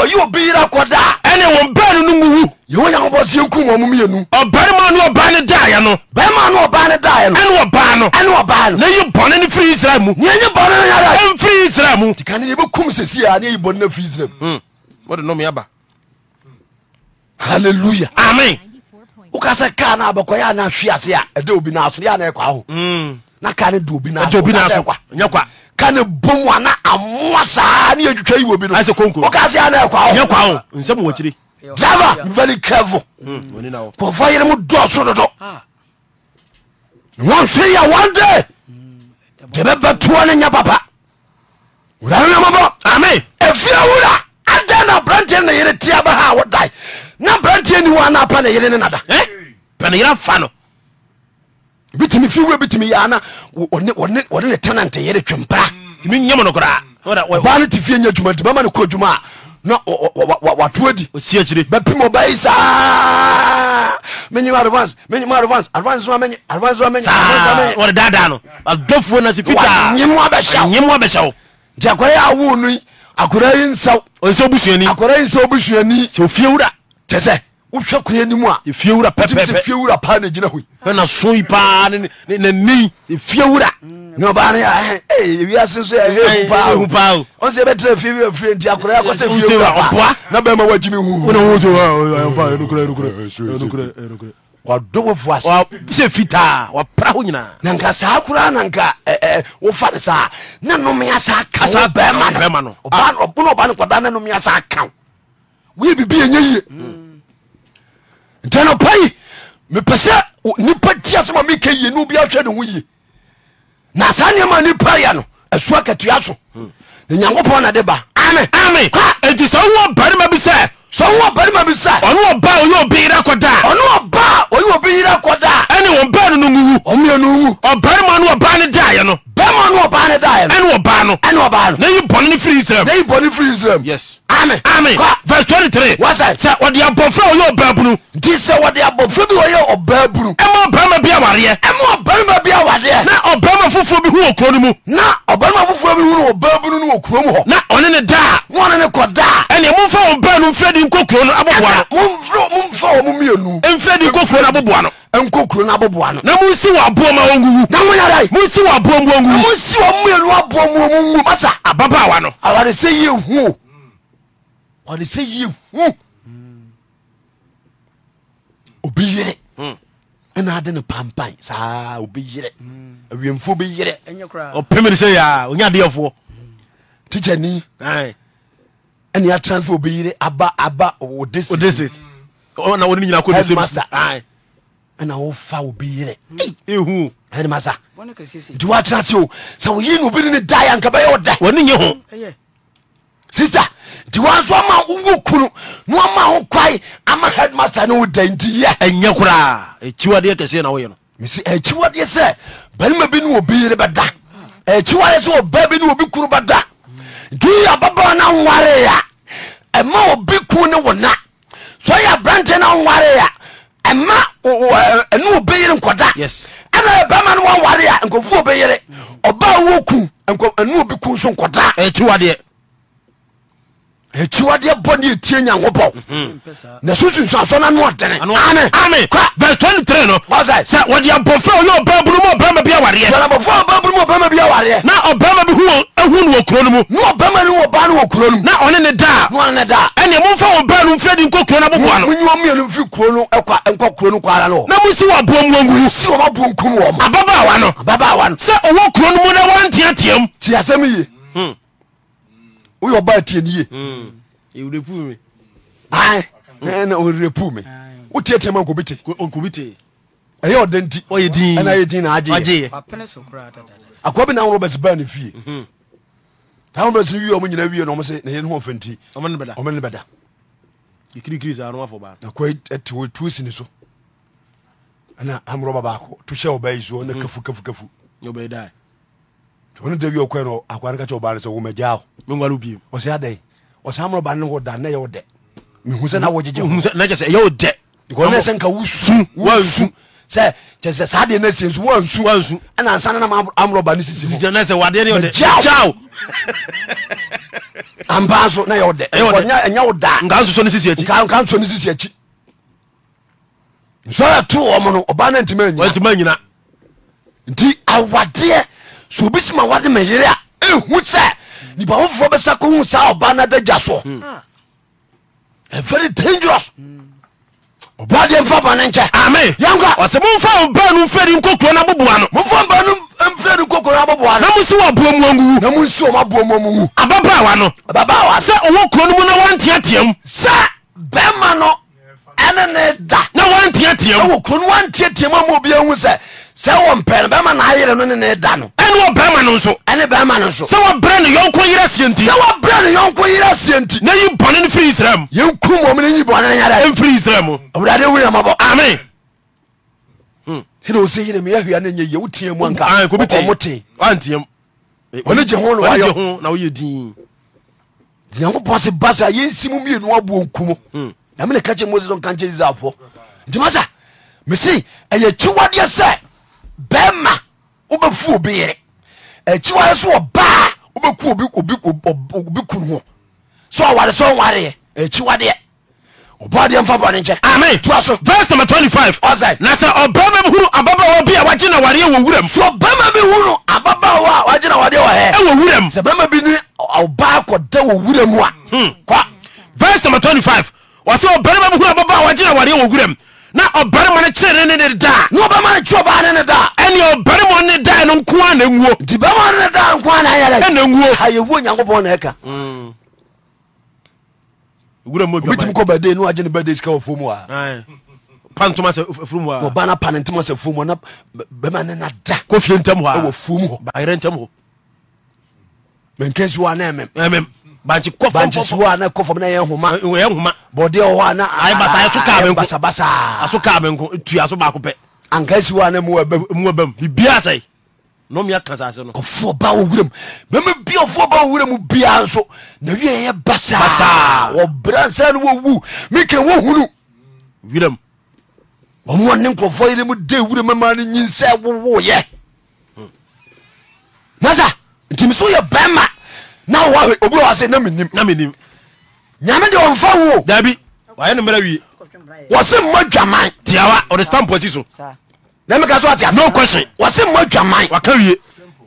oyè obi yìí kọ́ da ẹni wọn bẹ́ẹ̀ nínú mu wú yíwọ yàn bọ sí nkú wọn mímu yẹnu. ọ̀bẹ̀rẹ̀mà ni ọba ni da yẹn no. bẹ́ẹ̀ma ni ọba ni da yẹn no. ẹni ọba no. ẹni ọba no. n'eyi bọ̀nẹ́ ni firi israel mu. ni eyi bọ̀nẹ́ ni yàrá. ẹ̀ ń firi israel mu. tìkanni ni ebi kum sèse yà ni eyi bọ̀nẹ́ firi israel mu. wọ́n di nọ́ọ̀mù yà bá. hallelujah. amen wokasɛ kar no abɛkɔyɛ ana hwe ase a ɛda obi naso yɛ ana ɛkwa ho mm. na kar no da obi nasoɛkwa ka ne bom ana amoa saa ne yɛtwitwa yi obi nowokasɛ ana ɛkwa ho driver very careful mm. mm, kɔfɔ yere mu dɔɔso dodo wɔnhwe yɛ one day de bɛbɛtoɔ ne nya papa wura no namabɔ ame ɛfie wura adɛn na abrante ne yere tia bɛha wodae na brantie ni wa na pa ne yere ne nada pɛ eh? ne yere fa no bitumi fiwe bitumi yana ɔne ne tenant yere twempra timi nyam no koraa ba no te fie nya adwuma nti bɛma ne kɔ adwuma a na watoa di bɛpim ɔbɛyi saa menyim advance menyim advance advance so amenyi advance so amenyi wɔde daadaa no adɔfoɔ na si fitaa nyimwa bɛhyɛw nyimwa bɛhyɛw nti akɔrɛ yɛ awo no yi akɔrɛ yi nsaw ɔnsɛ obusuani akɔrɛ yi nsaw obusuani sɛ ofie wura kyɛ sɛ wohwɛ koa nim a fie wura pɛpɛpɛ fie wura paa na gyina hoi na so yi paa na ni fie wura nyɛ ɔbaa no yɛ ewiase so yɛ hehu paa o ɔsɛ yɛbɛtena fie wura fie nti akora yɛakɔsɛ fie wura paa na bɛrima wagyimi hu wadowofu ase sɛ fitaa wapra ho nyinaa na nka saa koraa na nka wofa no saa ne nomeɛ saa ka saa bɛrima no ɔbɔne ɔba no kɔda ne nomeɛ saa ka wo woyɛ bibi ɛnyɛ ntnpayi mepɛ sɛ nipa tiasɛma meke ye ne obiahwɛ ne ho ye na saa nneɛma nipa yɛ no asua katua so na nyankopɔn na de ba ame ame enti sɛ wowɔ barima bi sɛ sọ wọn barima bi sa. ọ̀nà wọn bá oyè òbí yìí kọ da. ọ̀nà wọn bá oyè òbí yìí kọ da. ẹni wọn bá nínú wuwu. ọmọ yẹn nínú wuwu. ọ̀bẹ̀rẹ̀mọ̀ ni ọba ni da yẹn no. bẹ́ẹ̀mọ̀ ni ọba ni da yẹn no. ẹni ọba no. ẹni ọba no. n'eyi bọ̀ ni firi israel. n'eyi bọ̀ firi israel. yes. ami. ami kọ verse twenty three. wasa. sẹ ọdi abọfra oyè ọbẹ bunu. ti sẹ ọdi abọfra bi oyè ọbẹ bunu. ẹ mọ ọbẹrẹmọ bi awadeɛ. ẹ mọ ọbẹrẹmọ bi awadeɛ. na ọbẹrẹmọ fufuo bi hun okuro ni mu. na ọbẹrẹmọ fufuo bi hun ọbẹ bunu ni okuro mu hɔ. na ɔne da. wọn ne ne momfrɛ de nkɔ kuro no aboboa nomomfa mo mienu mfrɛ de nkɔ kuro no aboboa no nkɔ kuro no aboboa no na monsi wɔ aboɔ ma ngugu, na moyɛdai monsi wɔ aboɔ mu wɔngugu monsi wɔ mienu aboɔ mu mu ngu masa ababaawa no awade sɛ yie hu o ɔde sɛ yie hu obi yere hmm. ɛna ade no pampan saa obi yere awiemfo bi yere ɔpemene sɛ yɛ a ɔnya adeɛfoɔ tikya ni ɛne atransfer obɛyere aba aba wo district na wɔne nyina kɔ nsɛm ɛna wofa obɛyere ɛhu ɛdemasa nti woatena se o sɛ woyere no obɛni ne dae anka bɛyɛ wo da wɔne nye ho sister nti wanso ama wowo kunu na wama ho kwae ama headmaster ne wo da nti yɛ ɛnyɛ koraa akyiwadeɛ kɛseɛ na woyɛ no mesi akyiwadeɛ sɛ barima bi ne wɔbɛyere bɛda akyiwadeɛ sɛ ɔba bi ne wɔbi kunu bɛda nti yɛ na no nware ya ɛma obi ku ne wo na so yɛ brante no nware ya ɛma ɛne e, obɛyere nkɔda ɛna bɛma no wanware ya nkɔfuo obɛyere ɔba wo ku ɛne obi ku so nkɔda akyiwadeɛ akyiwadeɛ bɔ mm-hmm. ne ɛtie nyankopɔn na so sunsuaso no ano ɔdene Verse vs 23 no sɛ wɔde abɔfra ɔyɛ ɔbabunu mu ɔbarima bi awareɛ ɔbabunu mu ɔbarima bi awareɛ na ɔbarima bi ahu no wɔ kuro no mu na ɔbarima no wɔ ba no wɔ kuro no na ɔne ne daa ɔne ne daa ɛneɛ momfa wɔn baa no mfiri adi nkɔ kuro no aboboa no munyiwa na musi wɔ aboa mu wɔngu no sɛ ɔwɔ kuro no mu na wɔnteateam woyɛ ɔba tie ne yena ɔrepu me wotiatia ma nkobite ɛyɛ ɔda nti ɛna yɛ din na agyeɛ akoa bi na woro bɛsi baa ne fie taa mhm. woro bɛsi wie ɔmo nyina wie na ɔmo se na yɛn ho ɔfɛ nti ɔmo ne bɛda ɔmo ne bɛda kirikiri saa ɔmo afɔ baa akoa ɛte wɔ tuo si ne so ɛna amorɔba baako to hyɛ ɔbaa yi so ɔna mhm. kafu kafu kafu ɔbaa yi daa wọn dẹbi ọkọ yẹn no akwari kakyɛ ɔbaa ne sɛ wɔn ɛgya o. mi nwale obi. ɔsɛ adɛ ɔsɛ amuna ba ne ko da ne yɛ o dɛ mihu sɛ n'awɔ gyegye mihu sɛ n'akyɛ sɛ ɛyɛ o dɛ. nkɔ ne sɛ nka wusu wusu sɛ kyɛ sɛ saa deɛ n'asi nsu wa nsu wa nsu ɛna nsa nenam amuna ba ne sisi mu. sisi n'asɛ wadeɛ ne yɛ o dɛ ɛgya o. anpa so ne yɛ o dɛ ɛnyɛ o da. nka nsoso ne sisi akyi. nka nsoso ne sisi akyi. nsɔrɔ to wɔn no ɔbaa ne ntoma nyina. ntoma nyina. nti awadeɛ so obi sima wade me yere a ɛhu sɛ nipa foforɔ bɛsa kohu saa ɔba no dagya soɔ hmm. ah. very dangerous ɔba deɛ mfa bɔne nkyɛ ame yanka ɔsɛ momfa ɔba no mfiri nkokuro no aboboa no momfa ba no mfiri nkokuro no aboboa no na monsi wɔ aboa mu angu na monsi wɔm aboa mu amuwu ababaawa no ababaawa sɛ ɔwɔ kuro no mu na wanteateam sɛ bɛrima no ɛne ne da na wanteateam ɛwɔ kuro no wanteateam ama obiahu sɛ sɛ wɔmpɛ no bɛma naayere no ne ne da no ɛne wɔbɛrima no nso ɛne bɛma no nso sɛ wɔbrɛ no yɔnko yerɛ seɛ nti sɛ wɔbrɛ no yɔnko yerɛ seɛ nti na yi bɔne no firi israel mu yɛku mɔm no yi bɔne no yɛdɛ ɛmfiri israel mu awurade wu yamabɔ ame hmm. sɛde wo sɛ yine meyɛhwia no nyɛ yɛ wo teɛ mu anka ɔmo te antiam ɔne gye ho no wayɛ ho na woyɛ din nyankopɔn se ba sa yɛnsi mu mienu aboɔ nku mu hmm. na mene ka kyɛ moses ɔnka nkyɛ israelfoɔ ntima sa mese ɛyɛ kyiwadeɛ sɛ bɛrima wobɛfu obi yere akyiware so ɔbaa wobɛku kun ho sɛ ɔware sɛ ɔwareɛ akyiwadeɛ ɔbɔdeɛ mfa bɔne nkyɛ ame toa vers nm 25 na sɛ ɔbɛma bi hunu ababawa bi a wagye na wareɛ wɔ wuram so ɔbɛma bi hunu ababawa a wagye na wareɛ wɔ hɛ ɛwɔ wuram sɛ bɛma bi ne ɔbaa kɔda wɔ wuram a hmm. kɔ vers nm 25 ɔsɛ ɔbɛrima bi hunu ababawa a wagye na wareɛ wɔ wuram na ɔbarima no kyere ne ne da na ɔbɛma no kyi ɔbaa ne ne da ɛne ɔbarima ne da no nko a na nwuo nti bɛma no ne da nko a na ayɛ dɛ ɛna nwuo ha yɛwuo nyankopɔn na ɛka mm. obitumi kɔ bɛde ne wagye ne bɛde sika wɔ fom a pantoma sɛ furum wa. ɔba na pane ntoma sɛ furum wa na bɛma ne na da. ko fie ntɛm hɔ a ɛwɔ furum hɔ. bayerɛ ntɛm hɔ. mɛ wa ne mɛm. mɛm bankye kɔ fam bankye si hɔ a na kɔ fam na yɛ nhoma yɛ nhoma bɔdeɛ wɔ hɔ na ayɛ basa ayɛ so kaa bɛ nko basabasa aso kaa bɛ nko tuya so baako pɛ anka si hɔ a na mu wa mu wa bibi asɛ n'o mi aka saase no ɔfoɔ ba wɔ wuram mɛmɛ bi ɔfoɔ ba wɔ wuram bia nso na wiye yɛ basa basa wɔ bransa ni wɔ wu mi kɛ wɔ hunu wuram wɔn wɔn ne nkurɔfoɔ yɛrɛ mu de wuram mɛma ni nyinsɛn wowɔ yɛ hmm. masa ntumi so yɛ bɛrima na wɔ obi wɔ ase na mi nim na mi nim nyame de ɔnfa wo dabi wayɛ no mmerɛ wie wɔse mmɔ dwaman tiawa ɔde stamp asi so na meka so ate no question wɔse mmɔ dwaman waka wie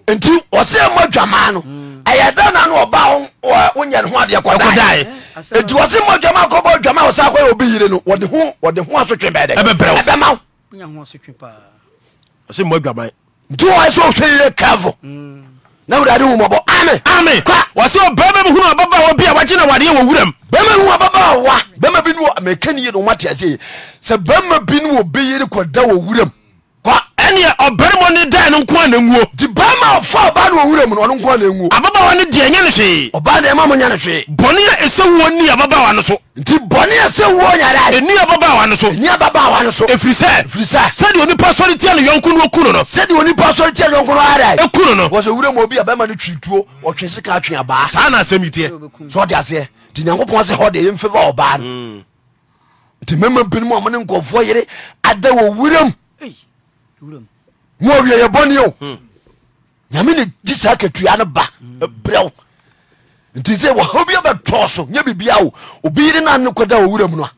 nti wɔse mmɔ dwaman no mm. ɛyɛ da na no ɔba wonyɛ ne ho adeɛ kɔdae nti wɔse mmɔ dwaman kɔbɔ dwaman wɔ sa kɔyɛ obi yere no wɔde ho wɔde ho asotwe bɛɛ dɛ ɛbɛbrɛ ɛbɛma wo wɔse mmɔ dwaman nti wɔyɛ sɛ ɔhwɛ yie careful mm na wurade wu mɔbɔ ame ame ka wɔsɛ ɔbɛma bi hunu ababa wɔ bi a wɔgye na wadeɛ wɔ wuram bɛma hu ababa wa bɛma bi ne wɔ mɛka ni yɛ no wɔmate aseɛ sɛ bɛma bi ne wɔ bɛyere kɔda wɔ wuram ka ɛneɛ ɔbarima ne da no nko ana nguo nti bɛrima ɔfa ɔba ne ɔwura mu ni ɔno nko ana nguo ababaawa ni deɛ ɛnyɛ ne hwee ɔba ni ɛma mo nyɛ ni hwee bɔne a ɛsɛ wuo ni ababaawa no so nti bɔne a sɛ wuo nyada ɛni ababaawa no so ɛni ababaawa no so ɛfiri sɛ ɛfiri sɛ sɛdeɛ onipa sɔre ni ne yɔnko no ɔku no no sɛdeɛ onipa sɔre ni ne yɔnko no ara ɛku no no wɔ sɛ wura mu obi a ni no twi tuo ɔtwe sika atwe abaa saa na asɛm yi teɛ sɛ ɔde aseɛ nti nyankopɔn sɛ hɔ de yɛmfɛfa ɔbaa no hmm. nti mɛma binom ɔmo ne nkɔfoɔ yere ada wɔ wuram mu owie yɛ bɔne o hmm. nyame ne gyi saa katua ba hmm. brɛw nti sɛ wɔha bia bɛtɔɔ so nyɛ biribia o obi yere no ane kɔda wɔwura mu no a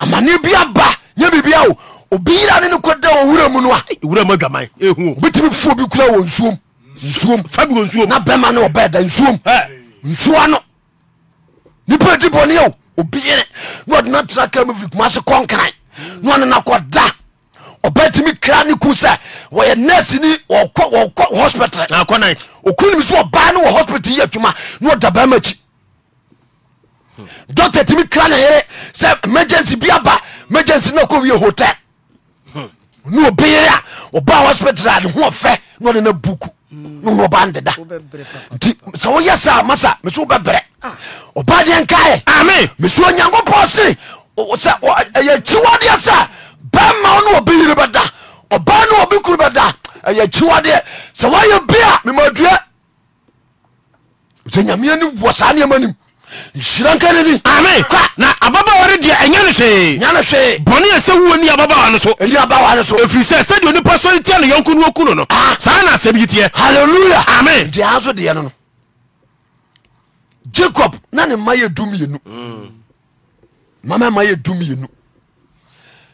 amane bi aba nyɛ biribia o obi yere ne ne kɔda wɔwura mu no a wurama dwaman ehu o obɛtumi fo bi kura wɔ nsuom nsuom fabi wɔ nsuom na bɛma ne ɔbɛɛ da nsuom nsuo no nipa di bɔne o obi yere na ɔde no tena ka mu firi kuma se kɔnkran na ɔne ọba tìmí kira ni kun sẹ wọyẹ nẹẹsì ni wọkọ wọkọ hospital. akọ night. okun mi sọ ọba ni wọ hospital yẹ adwuma ni ọda bẹẹ ma ekyi. dọkita tìmí kira ni yẹrẹ sẹ emergency bi aba emergency náà kò wíyẹ hotel. Hmm. ní o yẹrẹ a ọba hospital a ni hu ọfẹ ní ọdún náà buku ní ọdún ọba ndeda. nti sọ wọ́n ah. yẹ sá masa mẹsàn-án bẹ bẹrẹ. ọba díẹ̀ nká yẹ. ami. mẹsàn-án nyankó pọ̀ sí ẹ̀yẹ kyiwádìí ẹ̀sẹ̀ bɛma ne obi yere bɛda ɔba ne obi kuru bɛda ɛyɛ kyiwadeɛ sɛ woayɛ bia memadua sɛ nyameɛ ne wɔ saa nneɛma nim nhyira nka ne ni ame na ababawa no deɛ ɛnyɛ no hwee nya ne hwee bɔne a sɛ wuo ni ababawa no so ɛni abawa no so ɛfiri sɛ sɛdeɛ onipa sɔre tia ne yɔnko no wɔku no no ah. saa na asɛm yi Hallelujah. halleluya ame deɛ a so deɛ no no jacob na ne ma yɛ dumienu mama mm. ma yɛ dumienu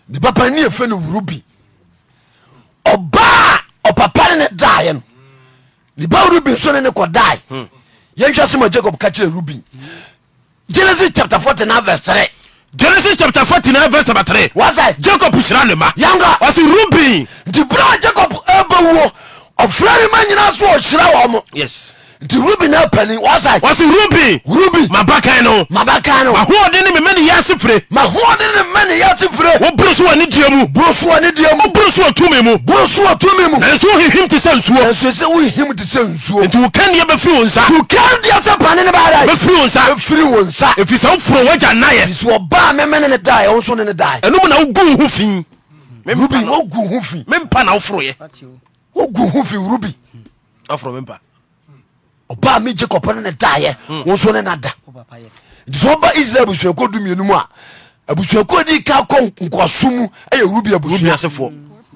ne papa ne yɛfɛ no wuro bi ɔbaa ɔpapa ne ne daeɛ no ne ba so ne ne kɔdae yɛnhwɛ sɛ ma jacob ka kyerɛ rubin genesis chapter 49 verse 3 genesis chapter 49 verse number jacob hyira ne ma yanka ɔse nti berɛ jacob ɛbɛwuo ɔfrɛ ne ma nyina so ɔhyira wɔ mo yes nti ruben apani wasa. wasi ruben. ruben. ma ba kan no. ma ba kan no. mahoɔden ni mɛmɛ ni yaasi fire. mahoɔden ni mɛmɛ ni yaasi fire. wo burusu wa ni diɛ mu. burusu wa ni diɛ mu. wo burusu wa tumi mu. burusu wa tumi mu. nanso hihim ti sɛ nsuo. nanso sɛ wo hihim ti sɛ nsuo. nti wo kɛndeɛ bɛ firi wo nsa. tu kɛndeɛ sɛ pani ne b'a da yi. bɛ firi wo nsa. bɛ firi wo nsa. efisɛ o furo ne ne da ne ne da na o gun ho fin. ruben o gun ho fin. mɛ npa na o furo ɔba me jacob no ne dayɛ wo so ne nada nti sɛ woba israel abusuako dumienu mu a abusuako di ka kɔ nkwaso mu ɛyɛ rubi abusua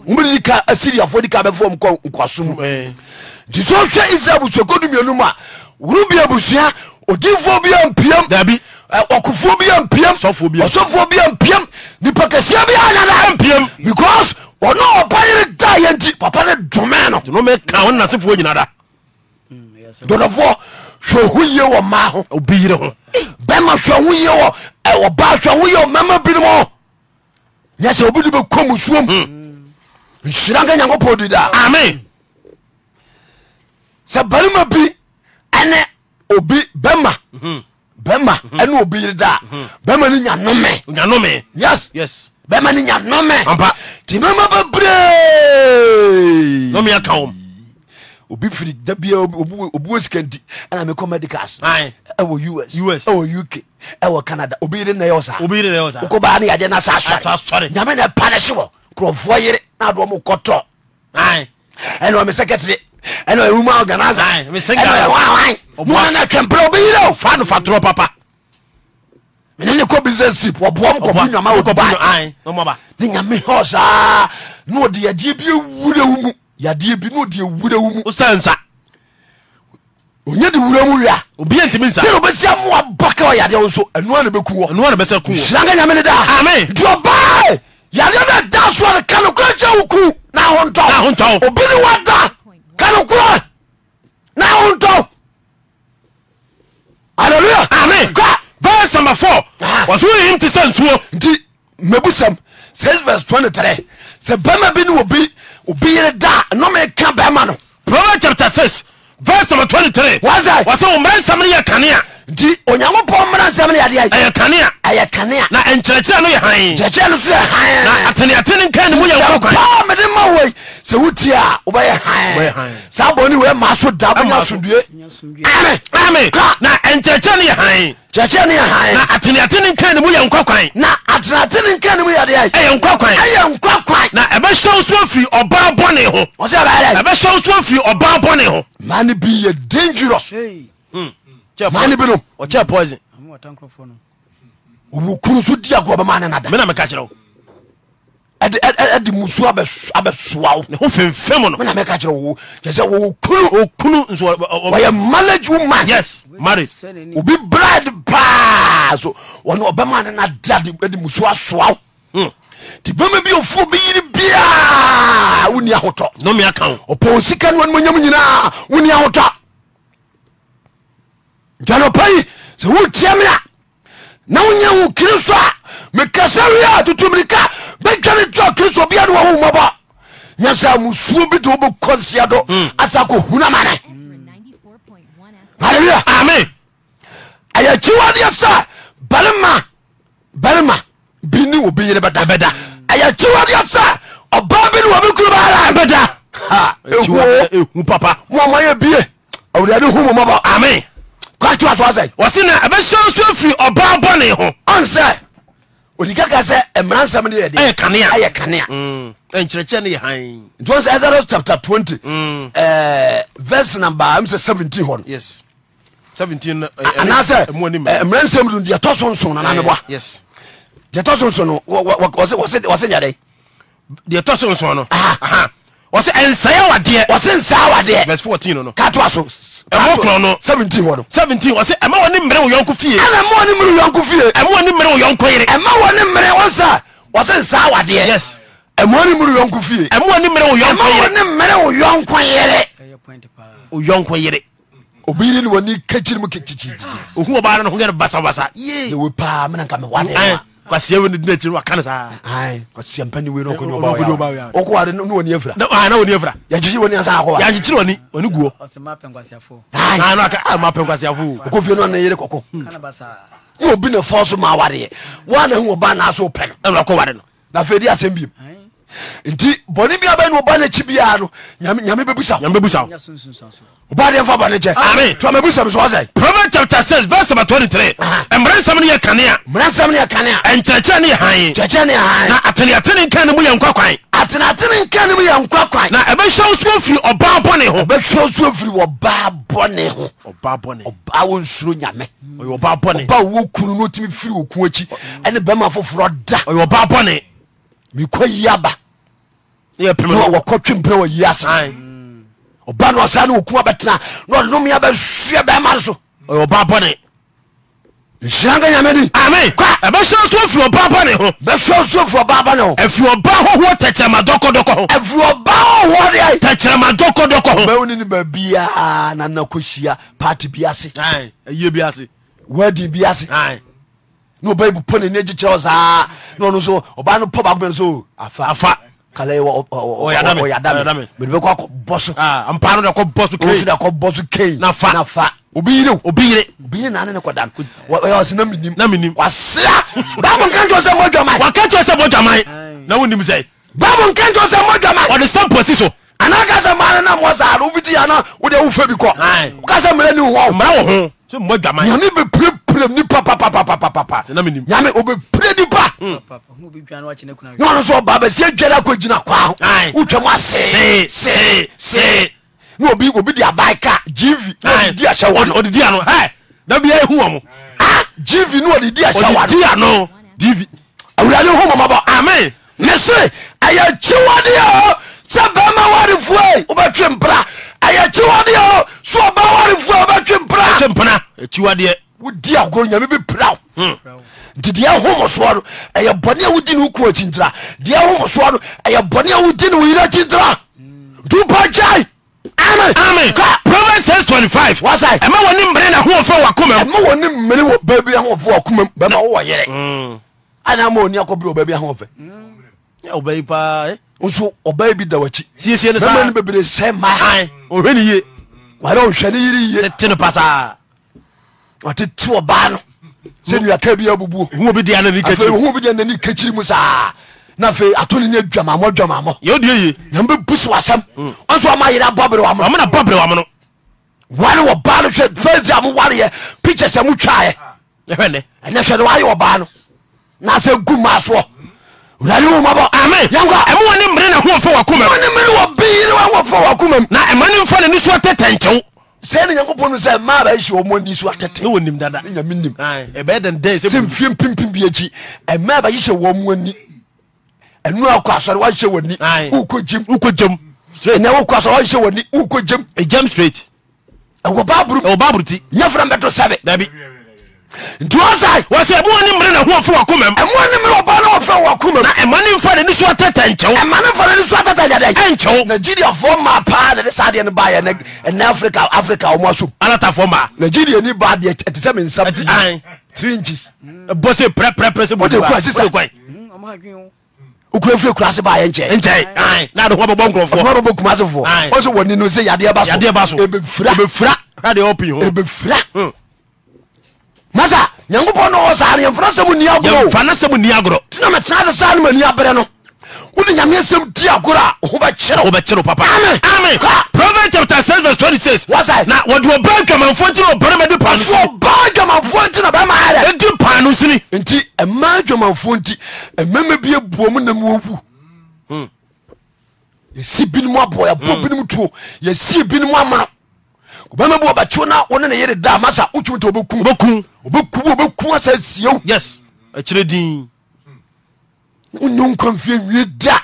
womɛdedi ka asiriafoɔ di ka bɛfɔ m kɔ nkwaso mu nti sɛ wohwɛ israel abusuako dumienu mu a rubi abusua odifoɔ bi ampiam ɔkofoɔ bi ampiam ɔsɔfoɔ bi ampiam nipa kɛseɛ bi anyada ampiam because ɔne ɔba yere da yɛ nti papa ne domɛ no ka wo nasefoɔ nyinada dɔdɔfoɔ hwɛ ho yie wɔ maa ho obiyere ho bɛma hwɛ ho yie wɔ ɔbaa hwɛ ho yie wɔ mɛma binom ho nyɛ sɛ obi de bɛkɔ mu suom hmm. nhyira nka nyankopɔn di daa amen sɛ barima bi ɛne obi bɛma hmm. bɛma hmm. ɛne obi yere daa bɛma no nya nome yes bɛma no nya nome nti mɛma bɛbree nome aka wom obi firi da bia obuwɔ sika nti ɛna mekɔ medicals ɛwɔ us ɛwɔ uk ɛwɔ canada obi yere na ɛyɛ saa wokɔ baa ne yɛgye na sa asɔre nyame na ɛpa ne hye wɔ kurɔfoɔ yere na adoɔ mo kɔtɔ ɛne ɔme secretary ɛne ɔyɛ wuma organiser ɛne ɔyɛ wawan mona na twɛmprɛ obɛyere o fa no fa torɔ papa mene ne ko business trip wɔboam kɔbi nwama wɔ dubai ne nyame hɔ saa na ɔde adeɛ bi awura wo mu yadeɛ bi ne ɔde wura wo mu wosa nsa ɔnya de wura mu wia obia ntimi nsa sɛ obɛsia moa bɔka ɔyadeɛ wo so ɛnoa na bɛku wɔ ɛnoa na bɛsɛ ku wɔ hyira nka nyame ne daa amen nti ɔbaa yadeɛ na da soa no ka nokora kyɛ wo ku na ahontɔ na ahontɔ obi ne wada ka nokora na ahontɔ hallelujah amen ka verse number four wɔso yɛyim te sɛ nsuo nti mabusɛm 6 verse three. sɛ bɛma bi ni wɔ bi obiyere da ɛnɔmeka bɛima no p 6 v23wasɛ ommrɛsɛmreyɛ kanea nti onyankopɔn mmara nsɛm no yadeɛ ɛyɛ kanea ɛyɛ kanea na nkyerɛkyerɛ no yɛ han kyerɛkyerɛ no so yɛ han na ateneatene nka ne mu yɛ nkɔ kwan paa mede ma wei sɛ wotie a wobɛyɛ han saa bɔne wei ma so da bɛnya asomdue ame ame na nkyerɛkyerɛ no yɛ han kyerɛkyerɛ no yɛ han na ateneatene nka ne mu yɛ nkɔ kwan na ateneatene nka ne mu yɛdeɛ ɛyɛ nkɔ kwan ɛyɛ nkɔ kwan na ɛbɛhyɛ wo so afiri ɔbaa bɔne ho ɛbɛhyɛ wo so afiri ɔbaa bɔne ho ma ne bi yɛ dangerous hmm mane binom ɔkyɛ poison owu oh, kuru so di agoa bɛma ne nada mena meka kyerɛ wo ɛde musu abɛsoa wo ne ho femfem no mena meka kyerɛ wo kyɛ sɛ wɔwɔ kunu okunu nso wɔyɛ marriage woman yes marriage obi bride paa so ɔne ɔbɛma ne nada de musu asoa wo hmm. nti bɛma bi ofuo bɛyiri biaa woni ahotɔ nome wo ɔpɔ osika ne wanomanyam nyinaa woni ahotɔ ntianɔpayi sɛ wotia me a na wonya wo kristo a mekasa wie a tutumirika bɛdwane twa kristo bia ne wawommɔbɔ nyɛ sɛ musuo bi de wobɛkɔ nsia do hmm. asa kɔhuna ma ne aleluya ame ɛyɛ sɛ barima barima bi ne obi yere bɛda bɛda ɛyɛ sɛ ɔbaa bi ne wɔbi baara bɛda ɛhu papa mo a bie awurade hu mo mɔbɔ ame katoasoasɛ wɔse na ɛbɛhyɛ nso afiri ɔbaa bɔne ho ɔn sɛ onika ka sɛ mmara nsɛm no yɛdeɛyɛ kanea ɛyɛ kanea nkyerɛkyerɛ no yɛ han nti wɔn sɛ exodus chapter 20 verse number m sɛ 17 hɔ no anaasɛ mmara nsɛm no deɛ ɛtɔ so nson no naneboa deɛ ɛtɔ so nson no wɔse nyɛdɛn deɛ ɛtɔ so nson no ɔsɛ ɛnsɛe awadeɛ ɔsɛ nsɛe awadeɛ verse fourteen no no katoa so ɛmɔ kɔn no seventeen wɔ no seventeen ɔsɛ ɛma wɔn ni mmerɛ wɔ yɔnko fie ɛna ɛma wɔn ni mmerɛ wɔ yɔnko fie ɛma wɔn ni mmerɛ wɔ yɔnko yere ɛma wɔn ni mmerɛ wɔn sa ɔsɛ nsɛe yes ɛma wɔn ni mmerɛ wɔ yɔnko fie ɛma wɔn ni mmerɛ wɔ yɔnko yere ɛma wɔn ni mmerɛ wɔ yɔnko yere wɔ yɔnko yere obi yiri ni wɔn ni mu kakyiri ohun ɔbaa no ho yɛ no basabasa yee ewu paa mina nka mi wa de ma eh kwasia wei dina akyiri waka no saa kwasia mpa ne wei no ɔkɔnyɛ ɔba wa ɔkɔ wa no wɔni afira na na wɔni afira yagyikyiri wɔni asa akɔ wa yagyikyiri wɔni wɔni guɔ ɔsɛ mapɛ nkwasiafo na na aka a mapɛ nkwasiafo ɔkɔ fie no ɔna yere kɔkɔ ne obi na fɔ so ma awareɛ wa na hu ɔba na aso pɛ no ɛwura kɔ ware no na afei di asɛm biem nti bɔne biabɛ ne ɔba no akyi biaa no nyame bɛbusa wobade mfa bɔne kyɛ tmabusa m so sɛ proverbs chapter 6 verse number 23 mmara nsɛm no yɛ kanea mmara nsɛm no yɛ kanea ɛnkyerɛkyerɛ no yɛ han kyerɛkyerɛ no yɛ han na ateneatene nka ne mu yɛ nkwa kwan atenatene nka ne mu yɛ nkwa kwan na ɛbɛhyɛ nsuo firi ɔbaa bɔne ho ɛbɛhyɛ nsuo firi ɔbaa bɔne ho ɔbaa bɔne ɔbaa wɔ nsuro nyame ɔyɛ ɔbaa bɔne ɔbaa wɔ kunu no tumi firi wɔ kun akyi ɛne bɛma foforɔ da ɔyɛ ɔbaa bɔne mekɔ yi aba wɔkɔ twe mpɛ wɔ yi asan ɔba no ɔsa ne wɔkuma bɛtena na ɔnomea bɛsua bɛma so ɔyɛ ɔba bɔne nhyira nka nyame di ame ɛbɛhyɛ so afiri ɔba bɔne ho bɛsua so afiri ɔba bɔne ho afiri ɔba hɔhoɔ tɛkyerɛma dɔkɔdɔkɔ ho afiri ɔba hɔhoɔ deɛ tɛkyerɛma dɔkɔdɔkɔ ho bɛwo ne ne baabiaa nana kɔhyia paate bi ase ɛyie bi ase wadi bi ase na ɔbɛyi bu pɔne ne agyikyerɛ ɔ saa na No, so ɔba no pɔ bakomɛ no so afa afa kala ye ɔyadami ɔyadami mɛ bɛ kɔ bɔsu. aa npa n'o de ko bɔsu kelen. olu de ko bɔsu kelen. na fa na fa. o bi yiri o bi yiri. bi yiri naani ne kɔ dan. wa ɔ sin na mi nim. na mi nim. wa sira. baabu n kan jɔ sɛ mɔ jɔma ye. wa kan jɔ sɛ mɔ jɔma ye. n'aw nimisa ye. baabu n kan jɔ sɛ mɔ jɔma ye. ɔ de san pɔsi so. a n'a ka sɛ maa ni na mɔ sa a n'u bi ti yan na o de y'u fɛ bi kɔ. o ka sɛ mɛlɛ ni wɔn. mɛlɛ wɔ hun nyame bɛpirepire nipa papapapapapanyame obɛpire nipa ne ɔno so ɔba bɛsɛ adware akɔ gyina kwa ho wotwa mu asee ne obi de abae ka gv di Di ahyɛ wɔdedi ano na bia ɛhu wɔ mo gv ne ɔde di ahyɛ wɔdi ano dv awurade ho mɔmɔbɔ amen ne se ɛyɛ kyiwadeɛ o sɛ bɛma warefoe wobɛtwe mpra ɛyɛ kyiwadeɛ o so ɔbɛwarefo a wobɛtwe mpra mpena ɛtiwadeɛ wodi agoro nyame bi praw hmm. nti deɛ homo soɔ no ɛyɛ bɔne a wodi ne wo kuo akyintira deɛ homo soɔ no ɛyɛ bɔne a wodi ne wo yere akyintira ntumpa gyae ami proverbs six twenty five wasa ɛmɛ wɔ ni mmiri na ahoɔfɛ wɔ akoma mu ɛmɛ wɔ ni mmiri wɔ baabi ahoɔfɛ wɔ akoma mu bɛma wɔ yɛrɛ hmm. ana ma oni akɔbiri wɔ baabi ahoɔfɛ ɛ hmm. ɔbɛ yi paa eh? nso ɔbɛ bi da wɔ akyi siesie ni saa bɛma ni bebree sɛ maa ɔhɛ ni yie wàlẹ́ òhwẹ́ ni yiri yie. tètè ni pasa. ọtí tí o bá no sani aka bi abubu bubu. hu obi di ana ni kekiri. afei hu obi di ana ni kekiri mu saa n'afei ato ni ne dwamamɔ dwamamɔ. yóò di eyi. yẹn bɛ busi wa sɛm. wọn sọ ọmọ ayira bɔ bere wa mu. wọn bɛna bɔ bere wa mu no. wari wɔ baa no hwɛ fɛnsi a mu wari yɛ pictures a mu twa yɛ. ɛhɛn dɛ. ɛnɛ hwɛ ni wàá yɛ wɔ baa no n'asɛ gu maa soɔ ɛmowɔ ne mmere na na ɛma ne mfa ne mu nti ɔsae wɔsɛ ɛmoa ne mmere na hoɔfo wɔ komam ɛmoa ne mmere ɔba na wɔfɛ wɔ komam na ɛma ne mfa ne ne so atata nkyɛw ɛma ne mfa ne ne so atata gyadɛ ɛnkyɛw nigeriafoɔ ma paa na de saa deɛ no baayɛ ɛnɛ africa africa ɔmo asom anatafoɔ ma nigeria ni ba deɛ ɛte sɛ me nsam ti an three inches e, bɔ sɛ prɛprɛprɛ sɛ bɔde kua sisan kwan hmm, okura firi kura se baayɛ nkyɛn nkyɛn na de ho bɛbɔ nkurɔfoɔ ɔmo bɛ kuma se foɔ ɔsɛ wɔ ninu se yadeɛ ba so yadeɛ ba so ebefira ebefira ɛbɛfira masa nyankopɔn na ɔwɔ saa no yɛmfa no sɛm nni agorɔ fa no sɛm nni agorɔ ntina metena ase saa no mani aberɛ no wode nyame sɛm di agorɔ a ho bɛkyerɛ wo papa amen ka proverbs chapter 6 verse 26 wasa na wɔde ɔbaa adwamanfoɔ nti na ɔbarima de pa no sini ɔbaa adwamanfoɔ nti na bɛma ayɛ ɛdi pa no sini nti ɛma adwamanfoɔ nti ɛmɛma bi abuom na mwawu hmm. yɛsi binom aboɔ yɛbɔ hmm. binom tuo yɛsie binom amono obama bi wɔbɛkyew na wo ne ne da masa wotumi tɛ obɛku obɛku asa siew yes akyerɛ din wonyɛ nkwa mfie nwie da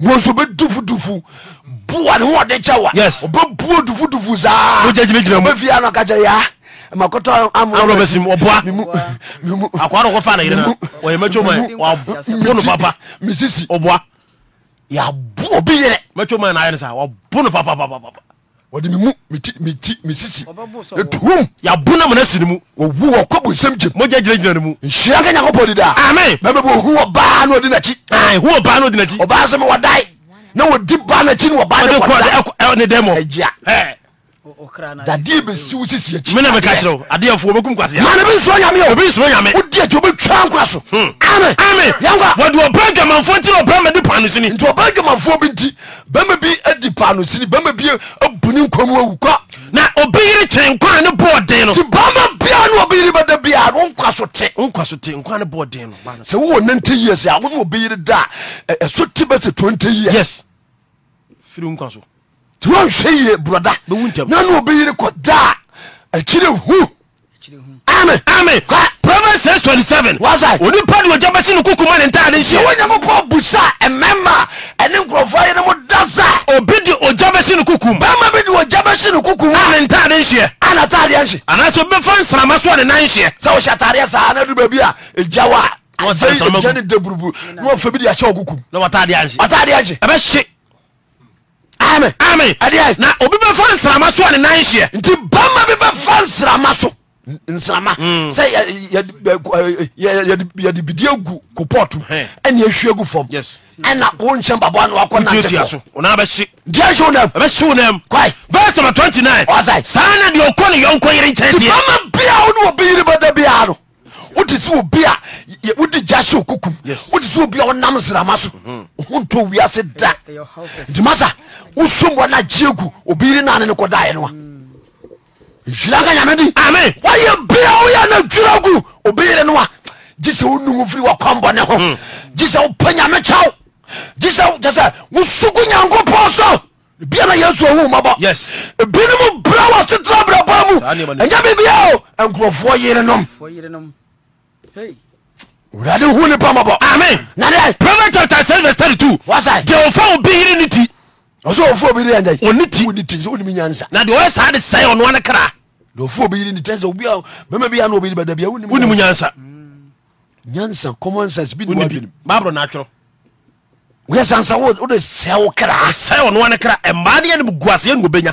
wɔso bɛdufudufu boa ne hoɔde kyɛ wa ɔbɛbuo dufudufu saabɛfie ano ka kyɛ yaa makɔtɔ amrɔbɛsim ɔboa akoa no kɔfa na yere no ɔyɛ mɛtwoma ɔbo no papa mesisi ɔboa yɛabo obi yere mɛtwoma na ayɛ no sa ɔbo no papapapa wɔde me mu meti mesisi ɛtuhum yɛbo na mona si no mu ɔwu wɔ kɔbo nsɛm gyem mogya gyinagyina ni mu nhyira nka nyankopɔn dida ame mɛbɛbɛ ɔhu wɔ baa na ɔde nakyi hu wɔ baa na ɔde nakyi ɔbaa sɛ me wɔdae na wɔdi baa eh, nakyi ne wɔbaa ne eh. dɛmɔ agya dadeɛ bɛsi wo sisi akyi mena meka kyerɛ wo adeɛfoɔ wobɛkum kwasea mane bi nsuro nyame obi nsuro nyame wodi akyi wobɛtwa nkwa so hmm. ame ame yɛnkwa wɔde ɔbrɛ adwamanfoɔ nti na ɔbrɛ made paa no sini nti ɔbrɛ adwamanfoɔ bi nti bɛma bi adi paa sini bɛma bi abuni nkwa mu awu kwa na obɛyere kyɛn nkwa ne bɔɔ den no nti bama bia ne ɔbɛyere bɛda bia no wonkwa so te wonkwa so te nkwa ne bɔɔ den no sɛ wowɔ nante years a wone da a ɛso te bɛsɛ 20 years yes firi nkwa nti wonhwɛ yie broda na ne obɛyere kɔdaa akyire hu proverbs 627 onipa de ogya bɛhye no kokoma ne ntade nhyɛ onyankopɔn busa ɛmɛma ɛne nkurɔfoɔ yere mo da sa obi de ogya bɛhye no kokum mo bi de ogya bɛhye no kokum ne ntade nhyɛ ana tadeɛ nhyɛ anaasɛ obɛfa nsrama so a ne nan nhyɛ sɛ wohyɛ atadeɛ saa na du baabi a ɛgya wo a ɛgya ne da burubu na wɔfa bi de ahyɛ wo kokum na wɔtadeɛ nhyɛ ɛbɛhye ame ame ɛdeɛ na obi bɛfa nsrama so a ne nan hyeɛ nti bama bi bɛfa nsrama so nsrama hmm. sɛ yɛde bidie gu kopɔt m ɛne ahwie gu fam ɛna wonkyɛ baboa no wakɔ nankyɛ so nabɛhye deɛ hyew nam ɛbɛhyew nam kwae verse number 29 ɔsae saa na deɛ ɔkɔ ne yɔnkɔ yere nkyɛnteɛ bama bia wo ne wɔ biyere bɛda biaa no wote sɛ obi a wode gya hyew kokum wote sɛ obi a wonam nsrama so mhm. wontɔ wiase da ntimasa eh, wosom wɔ no agyeɛ gu obiyiri nane no kɔdaeɛ no a nhyira nka nyame di ame wayɛ bia woyɛ no adwira gu obiyiri no a gye sɛ wonumu firi wakɔmbɔne ho hmm. gye sɛ wopɛ nyame kyaw gye sɛ kyɛ sɛ wosugu nyankopɔn so biana yesu ohu mɔbɔ binom bra wɔ setera brabɔ mu ɛnyɛ bibia o nkurɔfoɔ yerenom wurade hu ne pamabɔ amen nade proverbs chapter seven verse thirty two wasa deɛ ɔfa obi yiri ne ti ɔsɛ ɔfo obi yiri ɛnjɛ ɔne ti ɔne ti sɛ ɔne mi na deɛ ɔyɛ saa de sɛn ɔnoa ne kra deɛ ɔfo obi yiri ne ti sɛ obi a mɛmɛ bi ya na obi yiri bɛdabi a ɔne mu nyansa common sense bi nua bi nim baaburo n'atwerɛ wòye sansa wò ó de sẹ́wó kra. sẹ́wó ni wọn kra ẹ̀ ni yẹn ni guase yẹn ni o bẹ nya.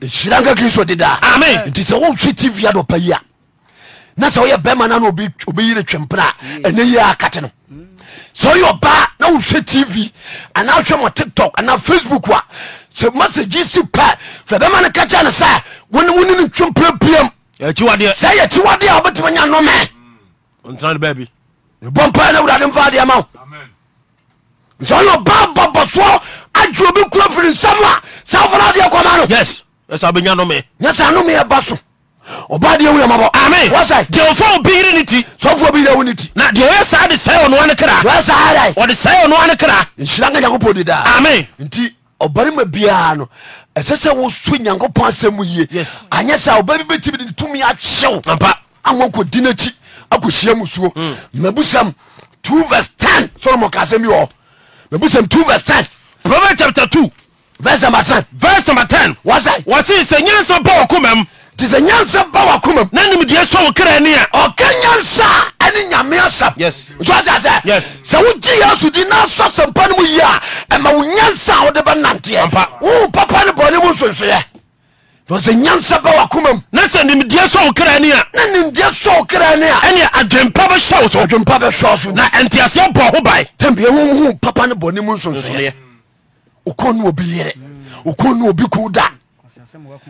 èsì ránká kì í sọ dídá. ami nti sẹ́ wọ́n fi tv adọ̀ pẹ̀lú yà. na sɛ woyɛ bɛma na na obɛyere twempena a ɛnɛ yie akate no mm. sɛ woyɛ ɔbaa na wohwɛ tv anaa hwɛ mɔ tiktok anaa facebook a sɛ masage si pɛ fɛ bɛma no ka kyɛ no sɛ wone wone no twempena biam sɛ yɛ kyiwadeɛ a wobɛtumi nya nnome mm. bɔ mpa na wurade mfa adeɛ ma wo sɛ woyɛ ɔbaa bɔbɔsoɔ adwe obi kura firi nsɛm a saa fɔno kɔma no nyɛ sɛ nomeyɛ ba so ɔba deɛ wuyɛ mabɔ ami wɔsɛ deɛ ofa obi yiri ni ti sɔfo obi yiri wo ni ti na deɛ oyɛ saa de sɛɛ ɔnua ne kra deɛ oyɛ saa da yi ɔde sɛɛ ɔnua ne kra nsira nka nyankopɔn de da ami nti ɔbarima biara no ɛsɛ sɛ wosu nyankopɔn asɛm yie anyɛ sɛ ɔba bi bɛtumi de tumi akyɛw ampa anwa nkɔ di n'akyi akɔhyia mu suo mabusam 2 vs 10 sɔrɔmɔ ka asɛm bi wɔ mabusam 2 vs 10 proverbs chapter two, verse number ten. verse number 10 wɔsɛ wɔsi sɛ nyansa bɔ ɔkɔ mɛm nti sɛ nyansa ba wakomam na nimdeɛ sɔ wo kra ni a ɔka nyansa ɛne nyame asɛm nso ata sɛ sɛ wogye yesu di na sɔ sɛmpa no mu yi a ɛma wo nyansa a wode bɛnanteɛ wo papa ni bɔne mu nsonsoeɛ sɛ nyansa ba wakomam na sɛ nimdeɛ sɔ wo kra ni a na nimdeɛ sɔ wo kra ni a ɛne adwempa bɛhyɛ wo so adwempa bɛhyɛ so na ɛnteaseɛ bɔ ho bae tambia wohu papa no bɔne mu nsonsoeɛ wokɔ ne obi yere wokɔ ne obi ko da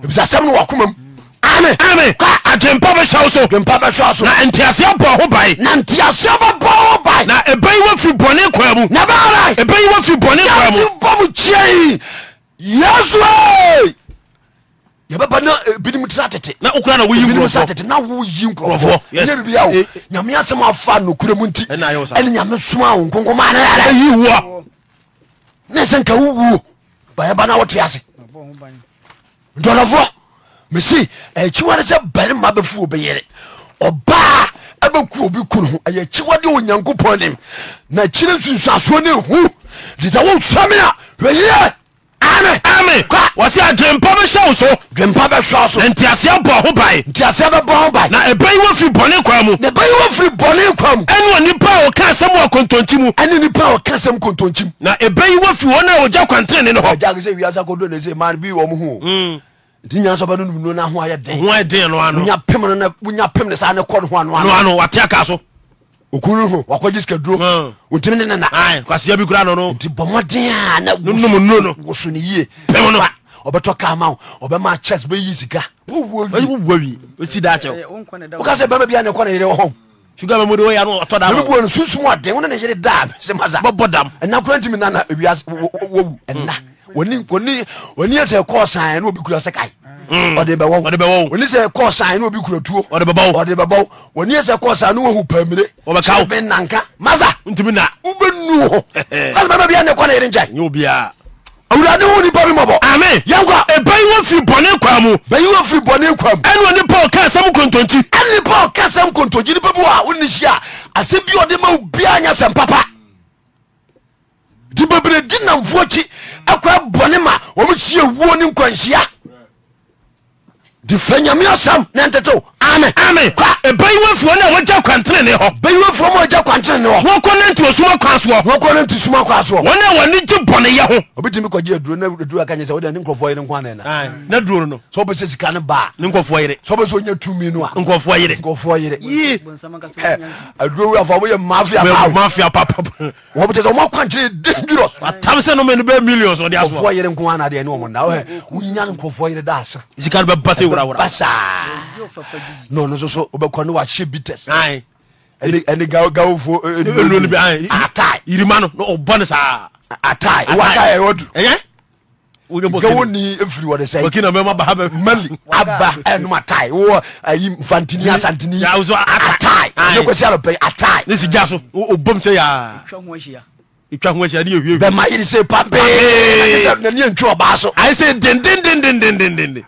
ebisɛ asɛm no wakoma mu ame ame ka adwempa bɛhyɛ wo so dwempa bɛhyɛ so na nteaseɛ bɔ ho bae na nteaseɛ bɛbɔ ho bae na ɛbɛyi wafiri bɔne kwaa mu na bɛara ɛbɛyi wafiri bɔne kwaa mu bɔ mu kyiai yesu yɛbɛba na eh, binom tena tete na wokura na woyi nkurɔfoɔ tete na woyi nkurɔfoɔ yɛ bibia wo nyame asɛm afa nokura mu nti ɛne nyame soma wo nkonkoma ne ɛyi woɔ ne sɛ nka wowuo bayɛba na wote ase dɔdɔfoɔ mese akyiwade sɛ barima bɛfu obɛyere ɔbaa ɛbɛku obi kunu ho ɛyɛ akyiwade onyankopɔn nim na kyire nsunsuasoɔ ne hu de sɛ wosua me a hwɛyɛ ame ame wɔse a dwempa bɛhyɛ wo so dwempa bɛsoa so ntiaseɛ bɔ ho bae ntiaseɛ bɛbɔ ho bae na ɛbɛyi wafiri bɔne kwa mu na ɛbɛyi wafiri bɔne kwa mu ɛne onipa a wɔka asɛm wɔ kontonkyi mu ɛne nipa a wɔka asɛm kontonkyi mu na ɛbɛyi wafiri wɔn a wɔgya kwantene ne hɔ agya sɛ wiase akɔdɔ ne sɛ ma bi wɔ mo ho mm nti nyansa bɛ nunum nu n'aho ayɛ den. ohun ayɛ den no ano. wonya pem no na wonya ne saa ne kɔ ne ho ano ano. no ano wate aka so. okunu ho wakɔgye sika duro. ntumi ne nana. ayi kwasia bi kura nono. nti bɔnmɔden a na nunum nu no woso ne yie. pem no. ɔbɛtɔ kaa ma wo ɔbɛma chest bɛyi sika. wowuo wi. wowuo wi o si da kyɛw. Eh, wokasɛ bɛrɛ bi a ne kɔ ne yɛrɛ wɔ hɔ. sugar mɛmu de o yanu ɔtɔ da ma. ebi bu wɔn sunsun ɔden wɔn ne yɛrɛ da sɛ masa. bɔbɔ dam. ɛnna kura ntumi nana ewia wowu ɛnna oni sɛ ɛkɔ saɛ ne obi kura sɛ kae mm. ɔde bɛwɔ oni sɛ ɛkɔ saɛ ne obi kura tuo ɔde bɛbɔ oni sɛ ɛkɔ saɛ ne wahu pamire sɛ bɛ nanka masa ntumi na wobɛnu hɔ sɛ bɛma bia ne kɔ ne yere nkyɛn awurade wo nipa bi mɔbɔ. ami yankwa. ebayi wo firi bɔnne kwa mu. bayi wo firi bɔnne kwa mu. ɛni onipa ɔka asɛm kontonti. ɛni nipa ɔka asɛm kontonti nipa bi wa o ni si a asɛm bi ɔde ma o bia nya sɛm papa nti bebree di namfoɔ kyi akɔ abɔne ma wɔmhyie wuo ne nkwanhyia defa nyame asam ne ntetew ame ame kwa ebayi wa fuo na wagya kwantere ne hɔ bayi wa ma wagya kwantere hɔ wɔkɔ ne nti osuma kwan soɔ wɔkɔ ne nti osuma kwan soɔ wɔn a wɔn gye bɔne ho obitumi kɔgye aduro na aduro aka nyɛ sɛ wɔde ne nkɔfoɔ yere nkwan na na duro no sɛ wɔbɛsɛ sika ne baa ne nkɔfoɔ yere sɛ wɔbɛsɛ onye tumi no a nkɔfoɔ yere nkɔfoɔ yere aduro wura fɔ wɔyɛ mafia mafia papa wɔbɛsɛ sɛ wɔn akwankyerɛ dangerous atam sɛ nomɛ ni bɛ millions wɔde afɔ nkɔfoɔ yere nkwan na deɛ ne wɔn na wɔyɛ wonya nkɔfoɔ yere daasa sika bɛ ba se basaa na ɔno nso so wobɛkɔ ne wahyɛ bites ɛne gawofo ata yirima no na ɔbɔ ne saa ata wata ɛwɔdu gawoni ɛfiri wɔde sɛ mali aba ɛnom eh, atae wowɔ ayi eh, mfantini asantini atae ne kɔsi alɔpɛ atae ne sigya so ɔbɔm sɛ yaa itwa ho ahyia ne yɛ hwie bɛma yere sɛ pampee sɛ nani antwi ɔbaa so ayɛ sɛ dendendendendendende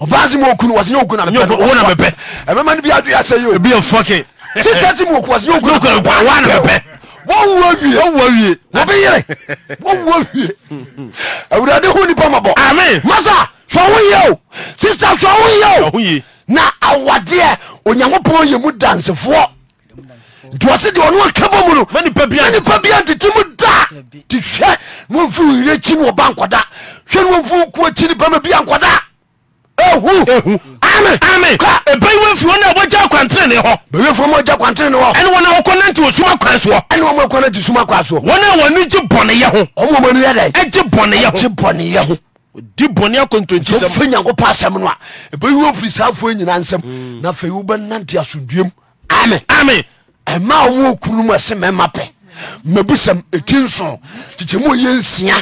ọba si mu okunu wasi nye okunu amepẹ owó na mẹpẹ ẹmẹmẹ ni bi adu ya sẹ o ebi yẹ fọkẹ sista ti mu okunu wasi nye okunu amepẹ owó na mẹpẹ wọ́n wu awie wọ́n wu awie wọ́n bẹ yẹrẹ wọ́n wu awie awurade hu nipa ma bọ ami masa sọ̀hún yẹ o sista sọ̀hún yẹ o na awadeɛ onyankopɔn yɛ mu dansefoɔ nti wɔse deɛ ɔno aka bɔ mu no nipa bia ntete mu da nti hwɛ na wɔmfi wo yere akyi ne wɔba nkɔda hwɛ ne wɔmfi wo kuakyi nipa ma bia nkɔda ɔhunu amen amen ka ebayiwa fi wɔn a wɔgya kwantere hɔ bɛyɛ fɔ wɔn gya kwantere hɔ ɛni wɔn a wɔkɔ nante osuma kwan soɔ ɛni wɔn a wɔkɔ nante osuma kwan soɔ wɔn a wɔn ani gye bɔneyɛ ho wɔn a wɔn ani yɛ dɛ ɛgye bɔneyɛ ho ɛgye bɔneyɛ ho di bɔne akontonti sɛm fɛ nyankopɔ asɛm no a ɛbɛyiwa firi saafoɔ nyina nsɛm mm. na afei wobɛnante asomdwam amen amen ɛma a wɔn okunu mu ɛsɛ mɛma pɛ mabusɛm ɛti nson kyekyɛmu yɛ nsia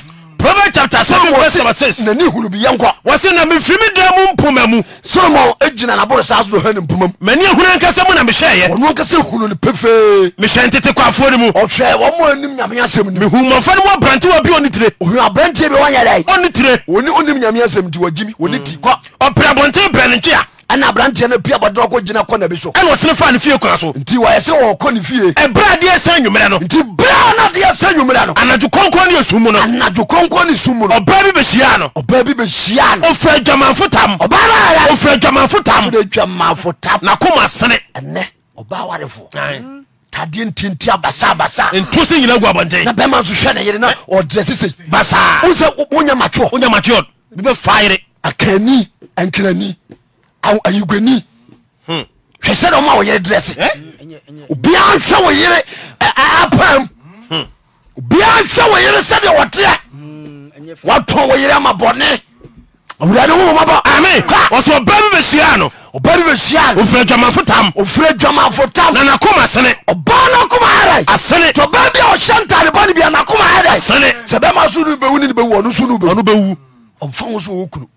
proverbs chapter seven verse number six. nani hunu bi yɛn kɔ. na mi firi dan mu mpoma mu. solomon egyina n'aboro saa so hɛ ne mu. mɛ ni ehunu mu na mi hyɛ yɛ. wɔn nkasa hunu ni pefee. mi hyɛ ntete kɔ afuo ni mu. ɔhwɛ wɔn mu anim nyamea sɛm ni. mi mɔfra ni mu aberante wa bi oni tire. ohun aberante bi wɔn yɛ dɛ. tire. oni onim nyamea sɛm ti wa jimi oni ti kɔ. ɔpere abɔnten pere ne ntwea ɛna aberanteɛ no pia bɔdena kɔ gyina kɔ na bi so ɛna ɔsene fa ne fie kora so nti wɔyɛ sɛ wɔkɔ ne fie ɛberɛ adeɛ sɛ nwumerɛ no nti berɛ na adeɛ sɛ nwumerɛ no anadwo kɔnkɔn ne asum mu no anadwo kɔnkɔn ne sum mu no ɔbaa bi bɛhyiaa no ɔbaa bi bɛhyiaa no ɔfira adwamanfo tam ɔbaa no ayɛ ɔfira adwamanfo tam ɔfira adwamanfo tam na kɔma sene ɛnɛ ɔbaa warefo tadeɛ ntinti abasabasa nto se nyina gu abɔnten na bɛma nso hwɛ ne yere na ɔdrɛ sesei basaa wo sɛ wonya matwoɔ wonya matwoɔ bi bɛfa yere akani ankrani ayigbani hmm. hwɛ sɛ dɛ ɔma wo yere drɛse eh? obia nhwɛ wo yere apam hmm. obia nhwɛ wo yere sɛdeɛ wɔteɛ watɔn wo yere ama bɔne awurade wo mabɔ ami ɔsɛ ɔba bi bɛhyia no ɔba bi bɛhyia no ofirɛ dwamafo tam ofirɛ dwamafo tam na nakoma sene ɔba na kuma ara asene tɔ ɔba bi a ɔhyɛ ntade bɔne bia nakoma ara sene sɛ bɛma so no bɛwu ne ne bɛwu ɔno so no bɛwu ɔmfa wo so wɔwɔ kunu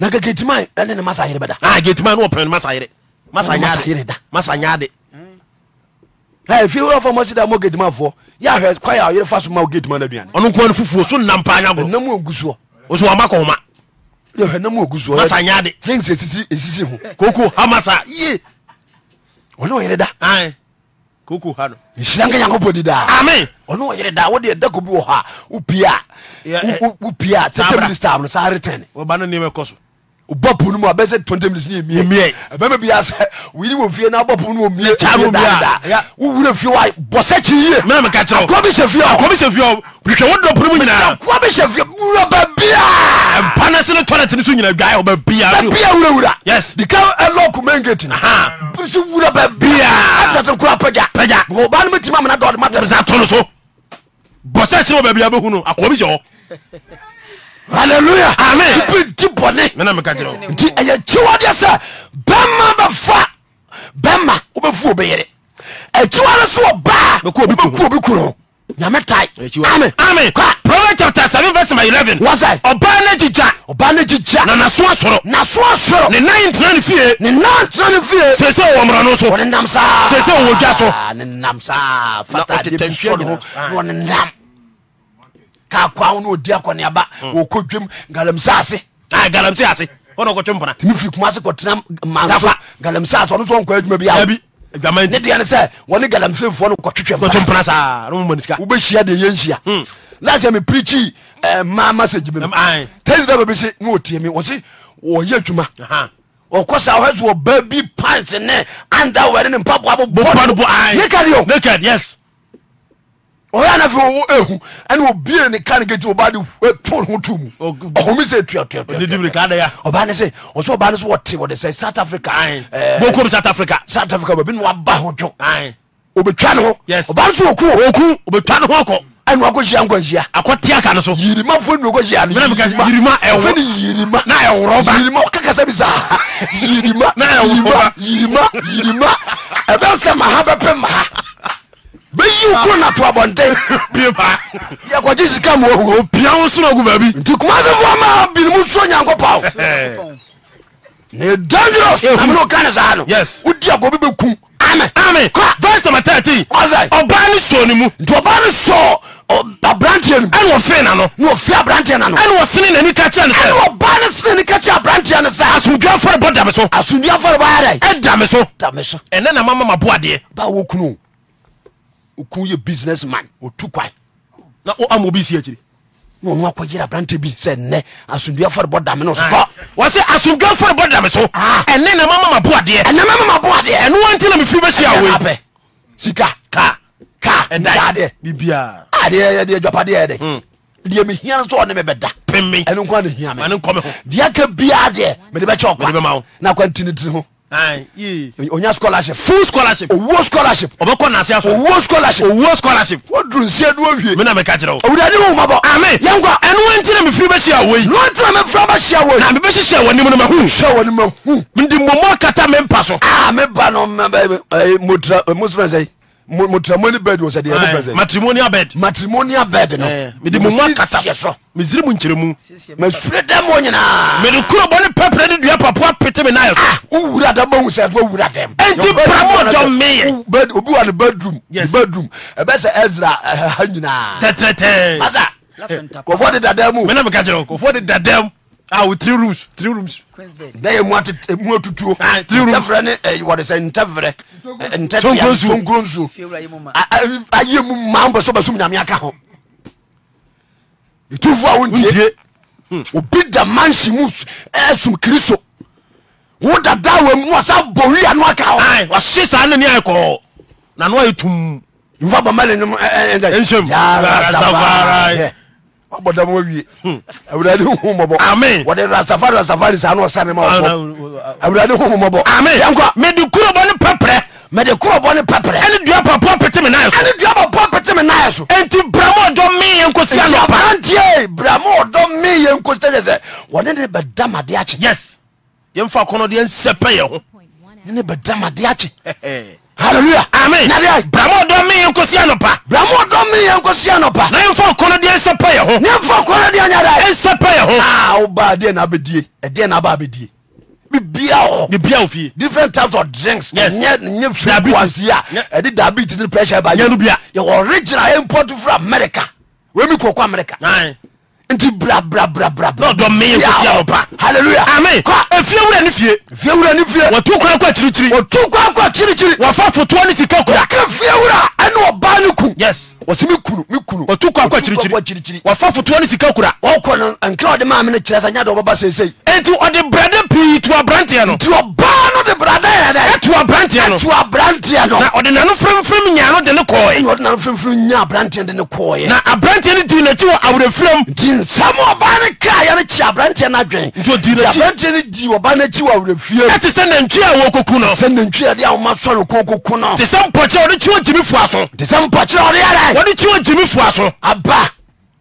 na kɛ getima ɛne ne masa yere bɛda ah getima ne wɔpɛn ne masa yere masa yere da masa nyaade ɛɛ fi fɔ mɔsi da mɔ getima fɔ y'a hɛ eh, kɔyɛ a yɛrɛ fa so ma getima na duyan ɔno nkɔni fufuo so nam paa ɲagoro ɛnamu ogu soɔ o so ɔma kɔn ma ɛnamu ogu masa nyaade jinx esisi esisi ho koko hamasa ye ɔno yɛrɛ da ɛɛ koko ha no nhyira nka nyankopɔn di daa amen ɔno ɔyere daa wode ɛdako bi wɔ hɔ a wopia wopia eh. tɛtɛ minister no saa retɛne wɔba no nneɛma ɛkɔ so bɔ po no mu a bɛsɛ twenty minutes ne yɛmie ɛbɛma bia sɛ woyini wɔ fie na bɔ po no ɔmie kyamdaa wowura fie wa bɔsɛ kyi yie mɛmeka kyerɛ akoa bi hyɛ fie akoa bi hyɛ fie hwehwɛ wo dɔ po no mu nyinaa akoa bi hyɛ fie wura babia mpa no se ne toilet no so nyina dwae wɔ babia babia wurawura yes dika ɛlɔko mɛnketi no so wura babia ɛsɛ so kora pagya pagya ɔba no mɛtimi amana dɔde matɛ sa to no so bɔsɛ kyerɛ wɔ babia bɛhu no akoa Hallelujah, amen bi di bɔne di ɛyɛ kyiwadeɛ sɛ bɛma bɛfa bɛma wobɛfu obɛyere akyiwa ba. so wɔ baa wobɛku obi kuro nyame tae amen amen kwa proverbs chapter seven verse number eleven wasa ɔbaa ne jija ɔbaa ne jija na naso asoro naso asoro ne nan tena ne fie ne nan tena ne fie sese wɔ mura no so wɔne nam saa sese wɔ gya so ne nam saa fata de bi fiyɛ ne ho wɔne nam kakoa wo ne odi akɔneaba hmm. wɔkɔ dwam galamsɛ ah, ase galamsɛ ase wọn kò tún bọ̀nà. tìmí fi kumasi kò tẹ̀lé mansa galamsey asọ nisɔn nkɔ edwuma bi ya. ɛbi gama yi. ne deɛ ni sɛ wɔn ni galamsey fɔ ni kɔ twitwi mpana. kò tún mpana saa n'o mɔ nisika. u bɛ siya de ye n siya. Hmm. last year mi pirikyi ɛɛ maa ma se jimi. tẹ́sí dẹ́gbẹ́ bi se n'o tiẹ̀ mi wọ́n si wọ́n yé juma. ɔkɔ sa ɔhɛ sɔ bɛɛ bi pants ne underwear ne mpaboa bɔ bɔ. bɔ bɔ ne kari o. ne kari yes ɔyɛ anafe wo ehu ɛna obie ne kan kete ɔba de pon ho tu mu ɔhomi sɛ tuatua ɔba ne sɛ ɔsɛ ɔba ne so wɔte wɔde sɛ south africa bokom south africa south africa baabi ne waba ho dwo obɛtwa ne ho ɔba ne so wɔku ɔku obɛtwa ne ho akɔ ɛna wakɔ hyia nkɔ nhyia akɔte aka no so yirima fo ne wakɔ hyia no yirima ɛwɔ ne yirima na ɛworɔ ba yirima ɔkakasa bi saa yirima na ɛworɔ ba yirima yirima ɛbɛ sɛ maha bɛpɛ maha bɛyi koro na to abɔnten yɛkɔgye sika ma wahu opia wo soro gu baabi nti kumasefoɔ ma binom suo nyankopɔn ne dangerous amene woka ne saa no wodi akɔ bi bɛkum ame verse number thirteen ɔsɛ ɔbaa ne sɔɔ ne mu nti ɔbaa ne sɔɔ aberanteɛ no ɛne ɔfe na no na ɔfe aberanteɛ na no ɛne ɔsene n'ani ka kyerɛ no sɛ ɛne ɔbaa ne sene ne ka kyerɛ aberanteɛ no sɛ asomdwa afɔrebɔ da me so asomdwa afɔrebɔ ayɛ dɛ ɛda me so da me so ɛnɛ na mama maboadeɛ ba wɔ kunu okun yɛ business man otu kwae na o ama obi si akyiri na ɔno akɔ yere aberante bi sɛ nnɛ asomdua fɔre bɔ dame no so kɔ ah. wɔ sɛ asomdua fɔre bɔ dame so ɛne na mama ma boadeɛ ɛne mama ma boadeɛ ɛno wanti na mefiri bɛhyia wei apɛ sika ka ka ndadeɛ bibia adeɛ yɛdeɛ dwapadeɛ yɛde deɛ hmm. mehia no so ɔne mebɛda peme ɛno nkwa ne hia me deɛ aka biaa deɛ mede bɛkyɛ ɔkwa na akwa ntine tine ho onya scholarship full scholarship owó scholarship ọbẹkọ nase aso owó scholarship owó scholarship wọ́n dùn sí ẹdun owie mi na mi ka kyerɛ o awurade wo ma bɔ ami yẹn kɔ ɛnu wɛn ti na mi firi bɛ si awɔ yi n'o ti na mi firi bɛ si awɔ yi na mi bɛ si sɛ wɔ nimu na ma hu sɛ wɔ nimu na hu ndi mɔmɔ kata mi pa so aa mi ba nɔ mɛ bɛ ɛ mɔtura eh, eh, mɔtura sɛ matrimonial bed wɔ sɛ deɛ ɛne fɛ sɛ matrimonial bed matrimonial bed no eh. mede mo mu akasa so mesiri mu nkyerɛmu masure dɛ mo nyinaa mede kurobɔ ne pɛprɛ ne dua papoa pete me naɛ so ah, wowura dɛm bɛhu sɛ wowura dɛm enti bramɔ dɔ Bed. obi wa ne bedroom Yes, bedroom ɛbɛ sɛ ɛsra ha nyinaa tɛtɛtɛ masa kɔfoɔ de dadam mu mena meka kyerɛ kɔfoɔ de dadam awo ah, three rooms three rooms. na yɛ eh, mu atutuo ah, ntɛfrɛ ne wɔde sɛ ntɛfrɛ ntɛtea sonkuro nsuo ayɛ mu ma mpɛ sɛ bɛsom nyame aka ho ɛtufoɔ a wontie hmm. obi da mansi mu ɛsom eh, kristo wo dada wa mu wɔsa bɔ wia no aka ho wɔhye saa nani ayɛkɔɔ na no ayɛ tum mfa bɔmale nom eh, ɛnhyɛm wabɔ dam wawie awurade hu mɔbɔ amen wɔde rastafari rastafari saa na ɔsane ma ɔbɔ awurade hu mɔbɔ amen yankwa mede kuro bɔ ne pɛprɛ mede kuro bɔ ne pɛprɛ ɛne dua pɔpɔ pete me naɛ so ɛne dua pɔpɔ pete me naɛ so enti brama ɔdɔ me yɛ nkosi anɔpa ntie brama ɔdɔ me yɛ nkosi tɛ sɛ wɔne ne bɛda made akye yes yɛmfa kɔnɔ deɛ nsɛpɛ yɛ ho ne ne bɛda made akye hallelujah amen na de bramu ọdọ mi yẹn kò sí ànọpa. bramu ọdọ mi yẹn kò sí ànọpa. na yẹn fọ ọkọlọ di ẹsẹ pẹ yẹ ho. na yẹn fọ ọkọlọ di ẹnyẹ dá yẹ. ẹsẹ pẹ yẹ ho. aa o ba adiẹ na abẹ die ẹdiẹ e na abẹ abẹ die bibia hɔ bibia ofie different types of drinks yes nye nye fake ones yi a ɛdi e diabetes ni pressure ba yɛ yɛwɔ original import from America wemi koko America nti brabrabrabrafiewura ne fiewura ne fie wɔtu kwan kɔ akyirikyiri wɔtu kwan kɔ akyirikyiri wɔfa fotoɔ ne sika kura fiewura ɛne ɔba ne ku yes wɔsi mi kunu mi kunu wɔtu kɔ akɔ kyirikyiri wɔfa fotoɔ ne sika kura. wɔn kɔ no nkira ɔde maa mi ne kyerɛ sa n y'a dɔn ɔbɛba sese. eti ɔde brade pii tu aberanteɛ no. nti ɔbaa no de brade yɛ dɛ. ɛtu aberanteɛ no ɛtu aberanteɛ no. na ɔde nanu firinfirin nyaano de ne kɔɔye. ɛna ɔde nanu firinfirin nya aberanteɛ de ne kɔɔye. na aberanteɛ ne dii n'akyi wɔ awurɛ firam. nti nsɛm ɔbaa ne kaa yɛ ne kyi aberanteɛ n'adwene. nti o dii n'akyi. aberanteɛ ne dii ɔbaa n'akyi wɔ awurɛ firam. ɛti sɛ nantwi a wɔn kokun no. sɛ nantwi a de a wɔn asɔre kokoko no. ti sɛ mpɔkyerɛ ɔde kyi wɔ jimi fua so. ti sɛ mpɔkyerɛ ɔde yɛ dɛ wɔde kyiwa gyimi fua so aba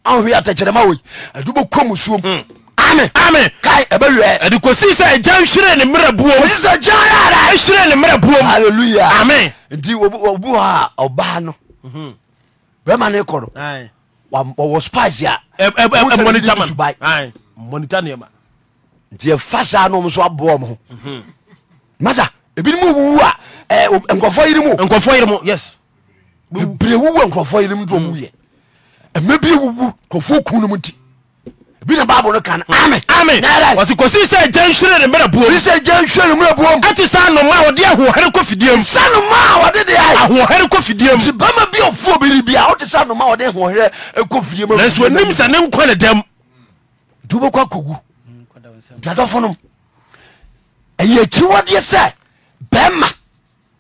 ahowe atɛkyerɛma wei ɛde bɛkɔ mu suom ame ame kae ɛbɛwɛ ɛde kɔsii sɛ agya nhwere ne mmerɛ buom sɛ gya ara ɛhwere ne mmerɛ buom halleluya ame nti obu hɔ a ɔbaa no mhm. bɛma ne kɔ no wɔwɔ spice a mɔnitaman mɔnita nneɛma nti yɛfa saa no ɔmo so aboɔ ɔmo ho mhm. masa ebinom wuwu a nkɔfɔ yiri mu nkɔfɔ yiri mu yes bebree wuwu nkurɔfoɔ yɛn mu dɔm mm. wuyɛ ɛmɛ bi wuwu nkurɔfoɔ kun ne mu ti bi na baabu ne kan ami ami wɔsi kò si sɛ jɛn nsúre ne mìíràn buwɔm si sɛ jɛn nsúre ne mìíràn buwɔm ɛti sá anoma a wɔde ahoɔhɛrɛ kɔ fidiem sá anoma a wɔde de ayi ahoɔhɛrɛ kɔ fidiem ti bɛma bi ɔfo biri bi a ɔte sá anoma a wɔde ahoɔhɛrɛ kɔ fidiem nanso onim sɛ ne nkɔ ne dɛm dubu kɔ akogu dadɔfo nom ɛyɛ akyiwadeɛ sɛ bɛrima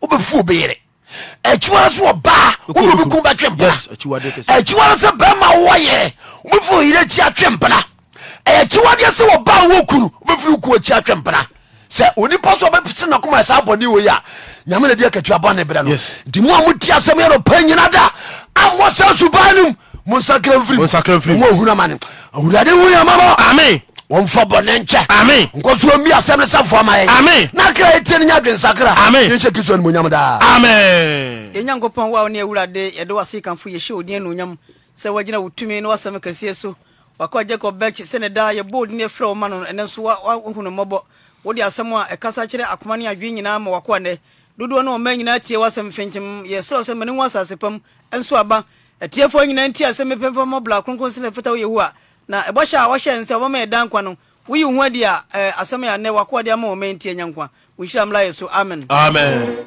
wobɛfu obɛyere akyiwara so wɔ baa wone obi bɛtwe mpena akyiwara sɛ bɛma wɔyɛ wobɛfiri yere akyi atwe mpena ɛyɛ akyiwadeɛ sɛ wɔ baa wɔ kunu wobɛfiri woku akyi atwe mpena sɛ onipa so ɔbɛpese na koma bɔne wei a nyame na di akatua bɔne berɛ no nti mo a moti asɛm yɛrɛ pa nyina da ammɔ saa suban nom mo nsakra mfirimmo awurade hu amen wɔmfa bɔne nkyɛ ame nkɔ so ɔmi asɛm no safoɔ ma yɛ ame na kra ɛtie no nya adwensakra ame yɛnhyɛ kristo animonyam daa ame yɛnyankopɔn wo a wo ne awurade yɛde wase kamfo yɛhyɛ odin anuonyam sɛ woagyina wo tumi na wasɛm kɛseɛ so wakɔ jacob bɛkye sɛne daa yɛbɔ odin afrɛ wo ma no ɛnɛ nso wohu no mmɔbɔ wode asɛm a ɛkasa kyerɛ akoma ne adwene nyinaa ma wakoa nɛ dodoɔ no ɔma nyinaa tie wasɛm fenkyem yɛserɛ sɛ mane ho asase ne ɛfɛta wo yɛhu a na ɛbɔhyɛ a wɔhyɛ nsɛ wɔma ɛda kwa no woyi ho adi a eh, asɛm yɛ anɛ wakoa de ama wɔma ntie nyankwa wohyira mmra yɛ so amen amen